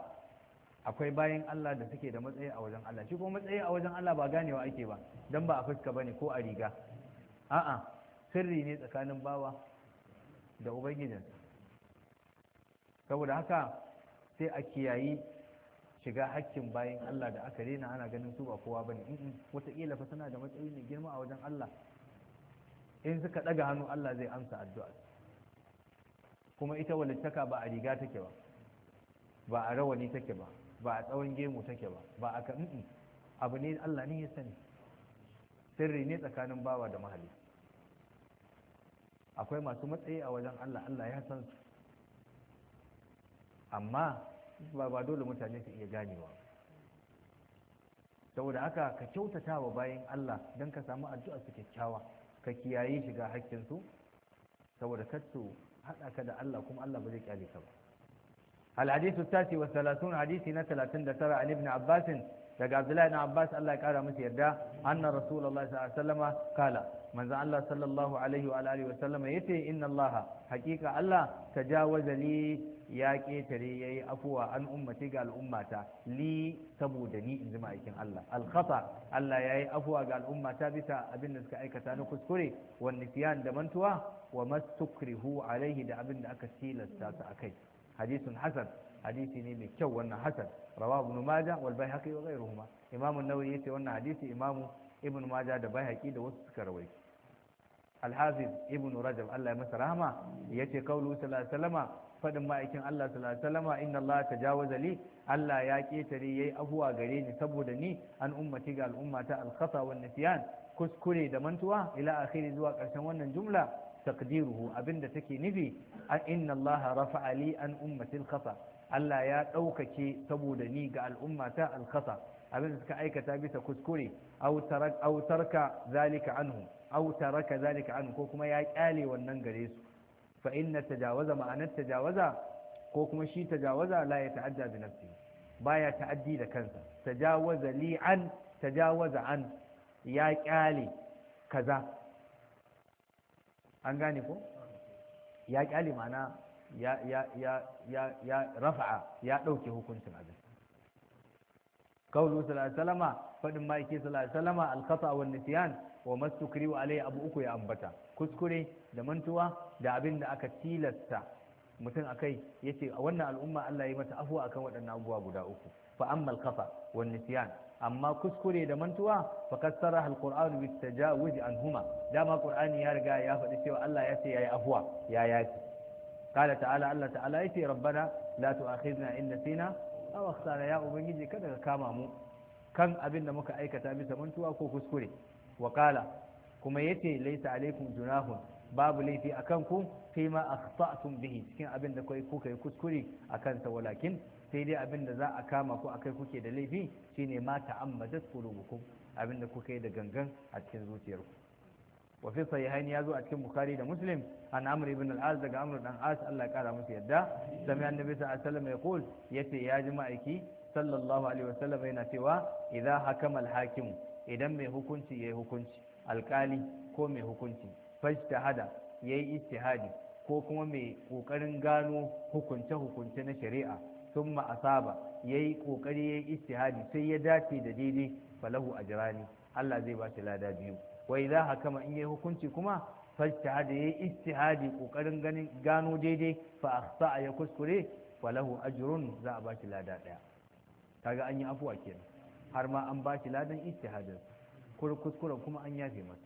akwai bayan Allah da suke da matsayi a wajen Allah shi kuma matsayi a wajen Allah ba ganewa ake ba dan ba a fuska bane ko a riga a'a sirri ne tsakanin bawa da ubangijin saboda haka sai a kiyayi shiga hakkin bayan Allah da aka rena ana ganin su ba kowa bane wataƙila fa suna da matsayi mai girma a wajen Allah in suka ɗaga hannu Allah zai amsa addu'a kuma ita walittaka ba a riga take ba ba a rawani take ba ba a tsawon gemu take ba ba a kan abu ne Allah ne ya sani sirri ne tsakanin bawa da mahali akwai masu matsayi a wajen Allah Allah ya san su amma ba ba dole mutane su iya ganewa saboda aka ka kyautata wa bayan Allah don ka samu addu'a su kyakkyawa ka kiyaye shiga haƙƙinsu saboda katsu haɗa ka da Allah kuma Allah ba zai kyale ka ba الحديث التاسع والثلاثون حديث نتلاتن دسرة عن ابن عباس daga Abdullahi na Abbas Allah ya kara masa yarda anna Rasulullah sallallahu alaihi wasallama kala manzo Allah sallallahu alaihi wa alihi wasallama yace inna Allah haqiqa Allah tajawaza li ya ƙetare ya yi afuwa an ummati ga al'ummata li saboda ni in ji aikin Allah alkhata Allah ya yi afuwa ga al'ummata bisa abin da suka aikata na kuskure wa nisiyan da mantuwa wa mastukrihu alaihi da abin da aka tilasta su akai hadisun hasan hadisi ne mai kyau wannan hasan rawa ibn maja wal baihaqi wa ghayruhuma imam an-nawawi yace wannan hadisi imamu ibn maja da baihaqi da wasu suka rawaito al-hafiz ibn rajab Allah ya masa rahama yace kaulu sallallahu alaihi fadin ma'aikin Allah sallallahu alaihi wasallam inna Allah tajawaza li Allah ya ketare yayi abuwa gare ni saboda ni an ummati ga al'umma ta al-khata wan kuskure da mantuwa ila akhiri zuwa karshen wannan jumla taqdiruhu abinda take nufi inna Allah Rafa Ali, an ummati al Allah ya ɗaukake saboda ni ga al'umma ta al abin suka aikata bisa kuskure autarka zalika anhu zalika anhu ko kuma ya ƙyale wannan gare su fa inna tajawaza ma'anar tajawaza ko kuma shi tajawaza la ya ta'adda bi nafsi baya ta'addi da kansa tajawaza li an tajawaza an ya kyale kaza an gane ko ya kyale ma'ana ya ya ya ya ya rafa'a ya dauke hukuncin abin kaulu sallallahu alaihi wasallama fadin ma'aiki sallallahu alaihi wasallama al-khata wa nisyan wa mastukrihu alai abu uku ya ambata kuskure da mantuwa da abin da aka tilasta mutum akai yace a wannan al'umma Allah ya mata afuwa akan waɗannan abubuwa guda uku fa amma al-khafa nisyan amma kuskure da mantuwa fa kassara al-qur'an bi tajawuz anhuma dama qur'ani ya riga ya faɗi cewa Allah ya ce yayi afuwa ya yafi قال تعالى الله تعالى يتي ربنا لا تؤاخذنا إن ya ubangiji أخطأنا يا kama mu kan abin da muka aikata bisa mantuwa ko kuskure. wakala kuma yace laisa alaikum junahun babu laifi a ku fi ma akhta'tum bihi cikin abin da kai kuka yi kuskure akan kansa. walakin sai dai abin da za a kama ku akai kuke da laifi shine ma ta'ammadat qulubukum abin da kuka yi da gangan a cikin zuciyarku wa fi sahihain ya zo a cikin bukhari da muslim an amr ibn al-az daga amr dan as Allah ya kara musu yadda sami annabi sallallahu alaihi wasallam yaqul yace ya ji ma'aiki sallallahu alaihi wasallam yana cewa idza hakama al-hakim idan mai hukunci yayi hukunci alkali ko mai hukunci hada ya yi istihadi, ko kuma mai kokarin gano hukunce hukunce na shari'a sun ma'asaba ya yayi kokari yi istihadi, sai ya dace da daidai falahu a jirani Allah zai ba shi lada biyu Wai za a kama in ya yi hukunci kuma ya yayi istihadi kokarin gano daidai fa sa'a ya kuskure falahu ajirun za a ba shi lada daya kaga an yi afuwa kenan har ma an ba shi ladan ijtihadin kur kuma an yafe masu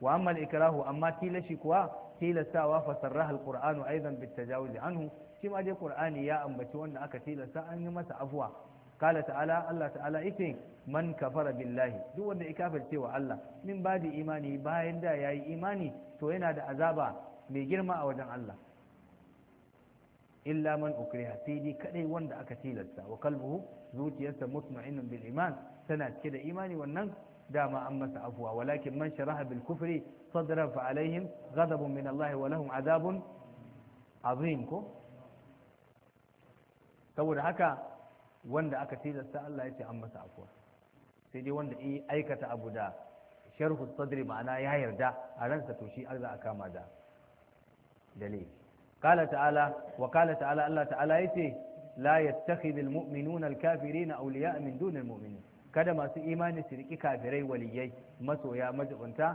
wa amma ikrahu amma tilashi kuwa tilastawa fa sarraha al-qur'anu aidan bitajawuz anhu shi ma dai Kur'ani ya ambaci wanda aka tilasta an yi masa afuwa. Kala ta'ala Allah ta'ala ite man kafara billahi duk wanda ya kafirce wa Allah min ba imani bayan da yayi imani to yana da azaba mai girma a wajen Allah إلا من أكره تيدي كأي وند أكتيلتا وقلبه زوج يسا مطمئن بالإيمان سنات كده إيماني والنن داما أمس أفوا ولكن من شرح بالكفر صدرا فعليهم غضب من الله ولهم عذاب عظيم تقول حكا وند أكتيلتا الله يسا أمس أفوا سيدي وند إي أيكة أبو دا شرف الصدر معناه يهير دا أرنسة شيء أرضى أكاما دا دليل qala ta'ala wa qala ta'ala Allah ta'ala yace la yattakhidul mu'minuna al-kafirina awliya'a min kada masu imani su riki kafirai waliyai masoya majibunta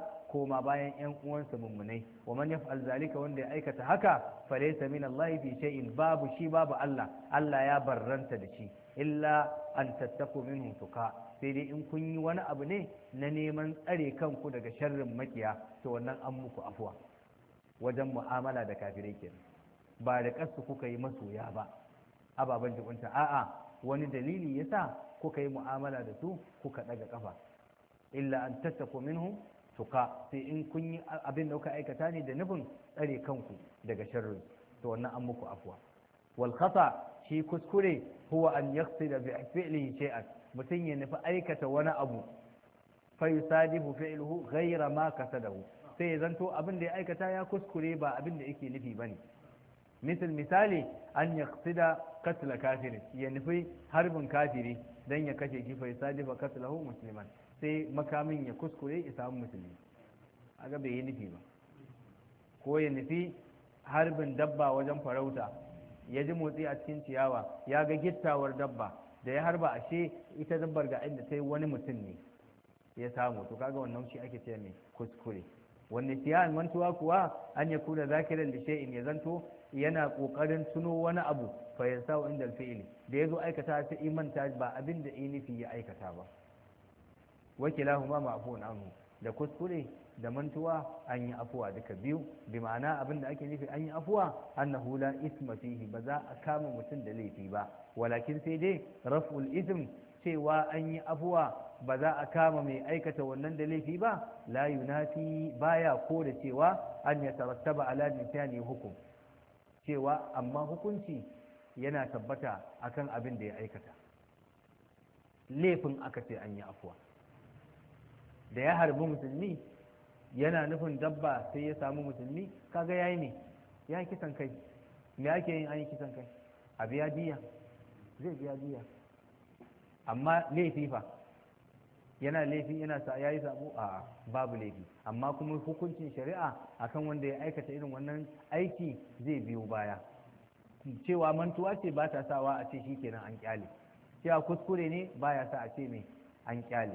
ma bayan yan uwansa mummunai wa man yaf'al zalika wanda ya aikata haka falaysa min Allah fi shay'in babu shi babu Allah Allah ya barranta da shi illa an tattaku minhu tuqa sai dai in kun yi wani abu ne na neman tsare kanku daga sharrin makiya to wannan an muku afuwa wajen mu'amala da kafirai kenan ba da ƙasa kuka yi masoya ba ababen jikunta a'a wani dalili ya sa kuka yi mu'amala da su kuka daga kafa illa an tattaku minhum tuka sai in kun yi abin da kuka aikata ne da nufin tsare kanku daga sharri to wannan an muku afuwa? wal khata shi kuskure huwa an yaqsida bi fi'lihi shay'an mutum ya nufi aikata wani abu fa yusadifu fi'luhu ghayra ma kasadahu sai ya zanto abin da ya aikata ya kuskure ba abin da yake nufi bane misal misali an yaqsida katla kafiri, ya nufi harbin kafiri dan ya kashe shi fa yasadifa katlahu musliman sai makamin ya kuskure ya musulmi aga bai yi nufi ba ko ya nufi harbin dabba wajen farauta ya ji motsi a cikin ciyawa ya ga gittawar dabba da ya harba ashe ita dabbar ga inda sai wani mutum ne ya samu to kaga wannan shi ake ce mai kuskure wanne siyan mantuwa kuwa an ya kuna zakiran da in ya zanto yana kokarin tuno wani abu fa sa inda fi'ili da zo aikata ta imanta ba abin da inifi ya aikata ba wakilahuma ma'fun anhu da kuskure da mantuwa an yi afuwa duka biyu bi ma'ana abin da ake nufi an yi afuwa annahu la isma fihi ba za a kama mutum da laifi ba walakin sai dai raf'ul ism cewa an yi afuwa ba za a kama mai aikata wannan da laifi ba la yunafi baya ko da cewa an ya tarattaba ala nisani hukum cewa amma hukunci yana tabbata akan abin da ya aikata laifin aka ce an yi afuwa da ya harbi musulmi yana nufin dabba sai ya samu musulmi kaga yayi ne ya kisan kai me ake yin an yi kisan kai a biya diya zai biya diya amma laifi fa yana laifi yana sa yayi sabo a babu laifi amma kuma hukuncin shari'a akan wanda ya aikata irin wannan aiki zai biyo baya cewa mantuwa ce ba ta sawa a ce shi kenan an kyale cewa kuskure ne ba ya sa a ce mai an kyale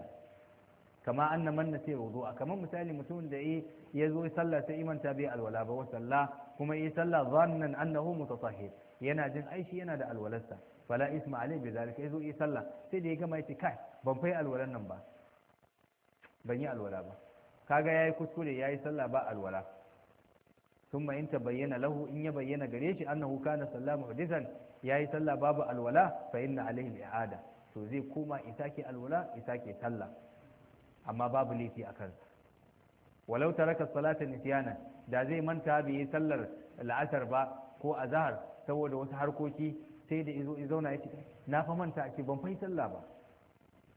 kama an naman na sai wudu'a kamar misali mutumin da eh, ya zo sallah sai imanta bai alwala ba wa sallah kuma yi eh sallah zannan annahu mutatahhir yana jin aishi yana da alwalarsa fala isma alai bi zalika yazo yi sallah sai da ya gama yace kai ban fai alwalan nan ba ban yi alwala ba kaga yayi kuskure yayi sallah ba alwala thumma in bayyana lahu in ya bayyana gare shi annahu kana sallamu hadisan yayi sallah babu alwala fa inna alaihi i'ada to zai koma isake alwala isake sallah amma babu laifi a kansa walau taraka salata nisyana da zai manta bai yi sallar la'asar ba ko azhar saboda wasu harkoki sai da izo zauna ya ce na fa manta ake ban fai sallah ba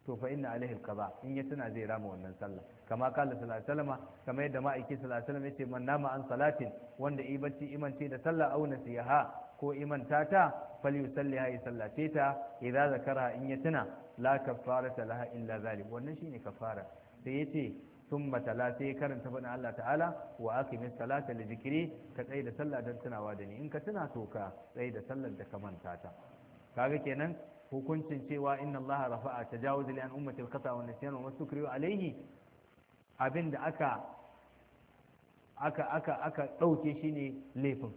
to fa inna alaihi kaza in ya tuna zai rama wannan sallah kama kala sallallahu alaihi kama yadda ma'aiki sallallahu alaihi wasallam yace man nama an salatin wanda i bacci imance da sallah au nasiha ko imanta ta falyusalliha ya sallace ta idza zakara in ya tuna la kafarata laha illa zalik wannan shine kafara sai yace thumma tala sai karanta fadin Allah ta'ala wa aqimis salata li ka tsaya da sallah dan tunawa da ni in ka tuna to ka tsaya da sallar da ka manta ta kaga kenan hukuncin cewa inna allaha rafa'a tajawuz li an ummati al-qata wa nisyan wa masukriyu alayhi abinda aka aka aka aka dauke shine laifin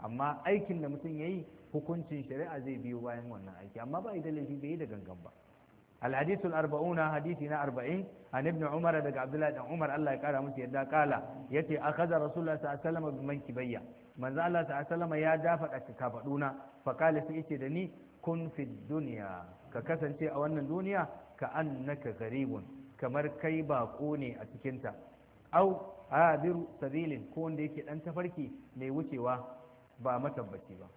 amma aikin da mutum yayi hukuncin shari'a zai biyo bayan wannan aiki amma ba da laifi bai yi da gangan ba الحديث الأربعون حديثنا أربعين عن ابن عمر دك عبد الله بن عمر الله قال مس يدا قال يتي أخذ رسول الله صلى الله عليه وسلم بمنكبيا من ذا الله صلى الله عليه وسلم يا دافع كفدونا فقال سيتي دني kun fi duniya ka kasance a wannan duniya ka annaka garibun kamar kai bako ne a cikinta au hadiru sabilin ko wanda yake dan tafarki mai wucewa ba matabbaci ba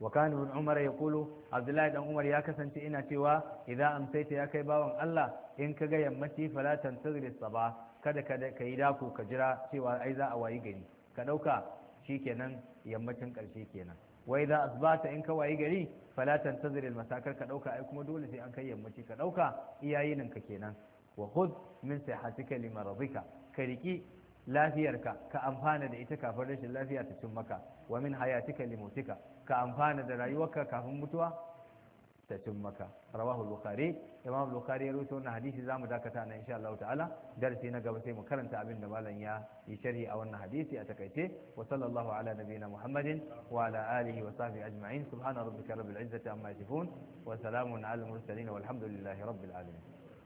wa kana ibn umar kulu abdullahi dan umar ya kasance ina cewa idza amsayta ya kai bawan Allah in ka ga yammaci Falatan tantazir sabah kada kada yi dako ka jira cewa ai za a wayi gari ka dauka shikenan yammacin karshe kenan wai za asbata in ka wayi gari fala tantazir al masakar ka dauka ai kuma dole sai an kai yammaci ka dauka iyayinan ka kenan wa khudh min sihatika li maradika ka riki lafiyarka ka amfana da ita kafin rashin lafiya ta cin maka wa min hayatika li ka amfana da rayuwarka kafin mutuwa ta cin maka rawahu bukhari imam bukhari ya rawaito wannan hadisi zamu dakata nan insha Allah ta'ala darasi na gaba sai mu karanta abin da malam ya yi sharhi a wannan hadisi a takaice wa sallallahu ala nabiyina muhammadin wa ala alihi wa sahbihi ajma'in subhana rabbika rabbil izzati amma yasifun wa salamun ala al mursalin walhamdulillahi rabbil alamin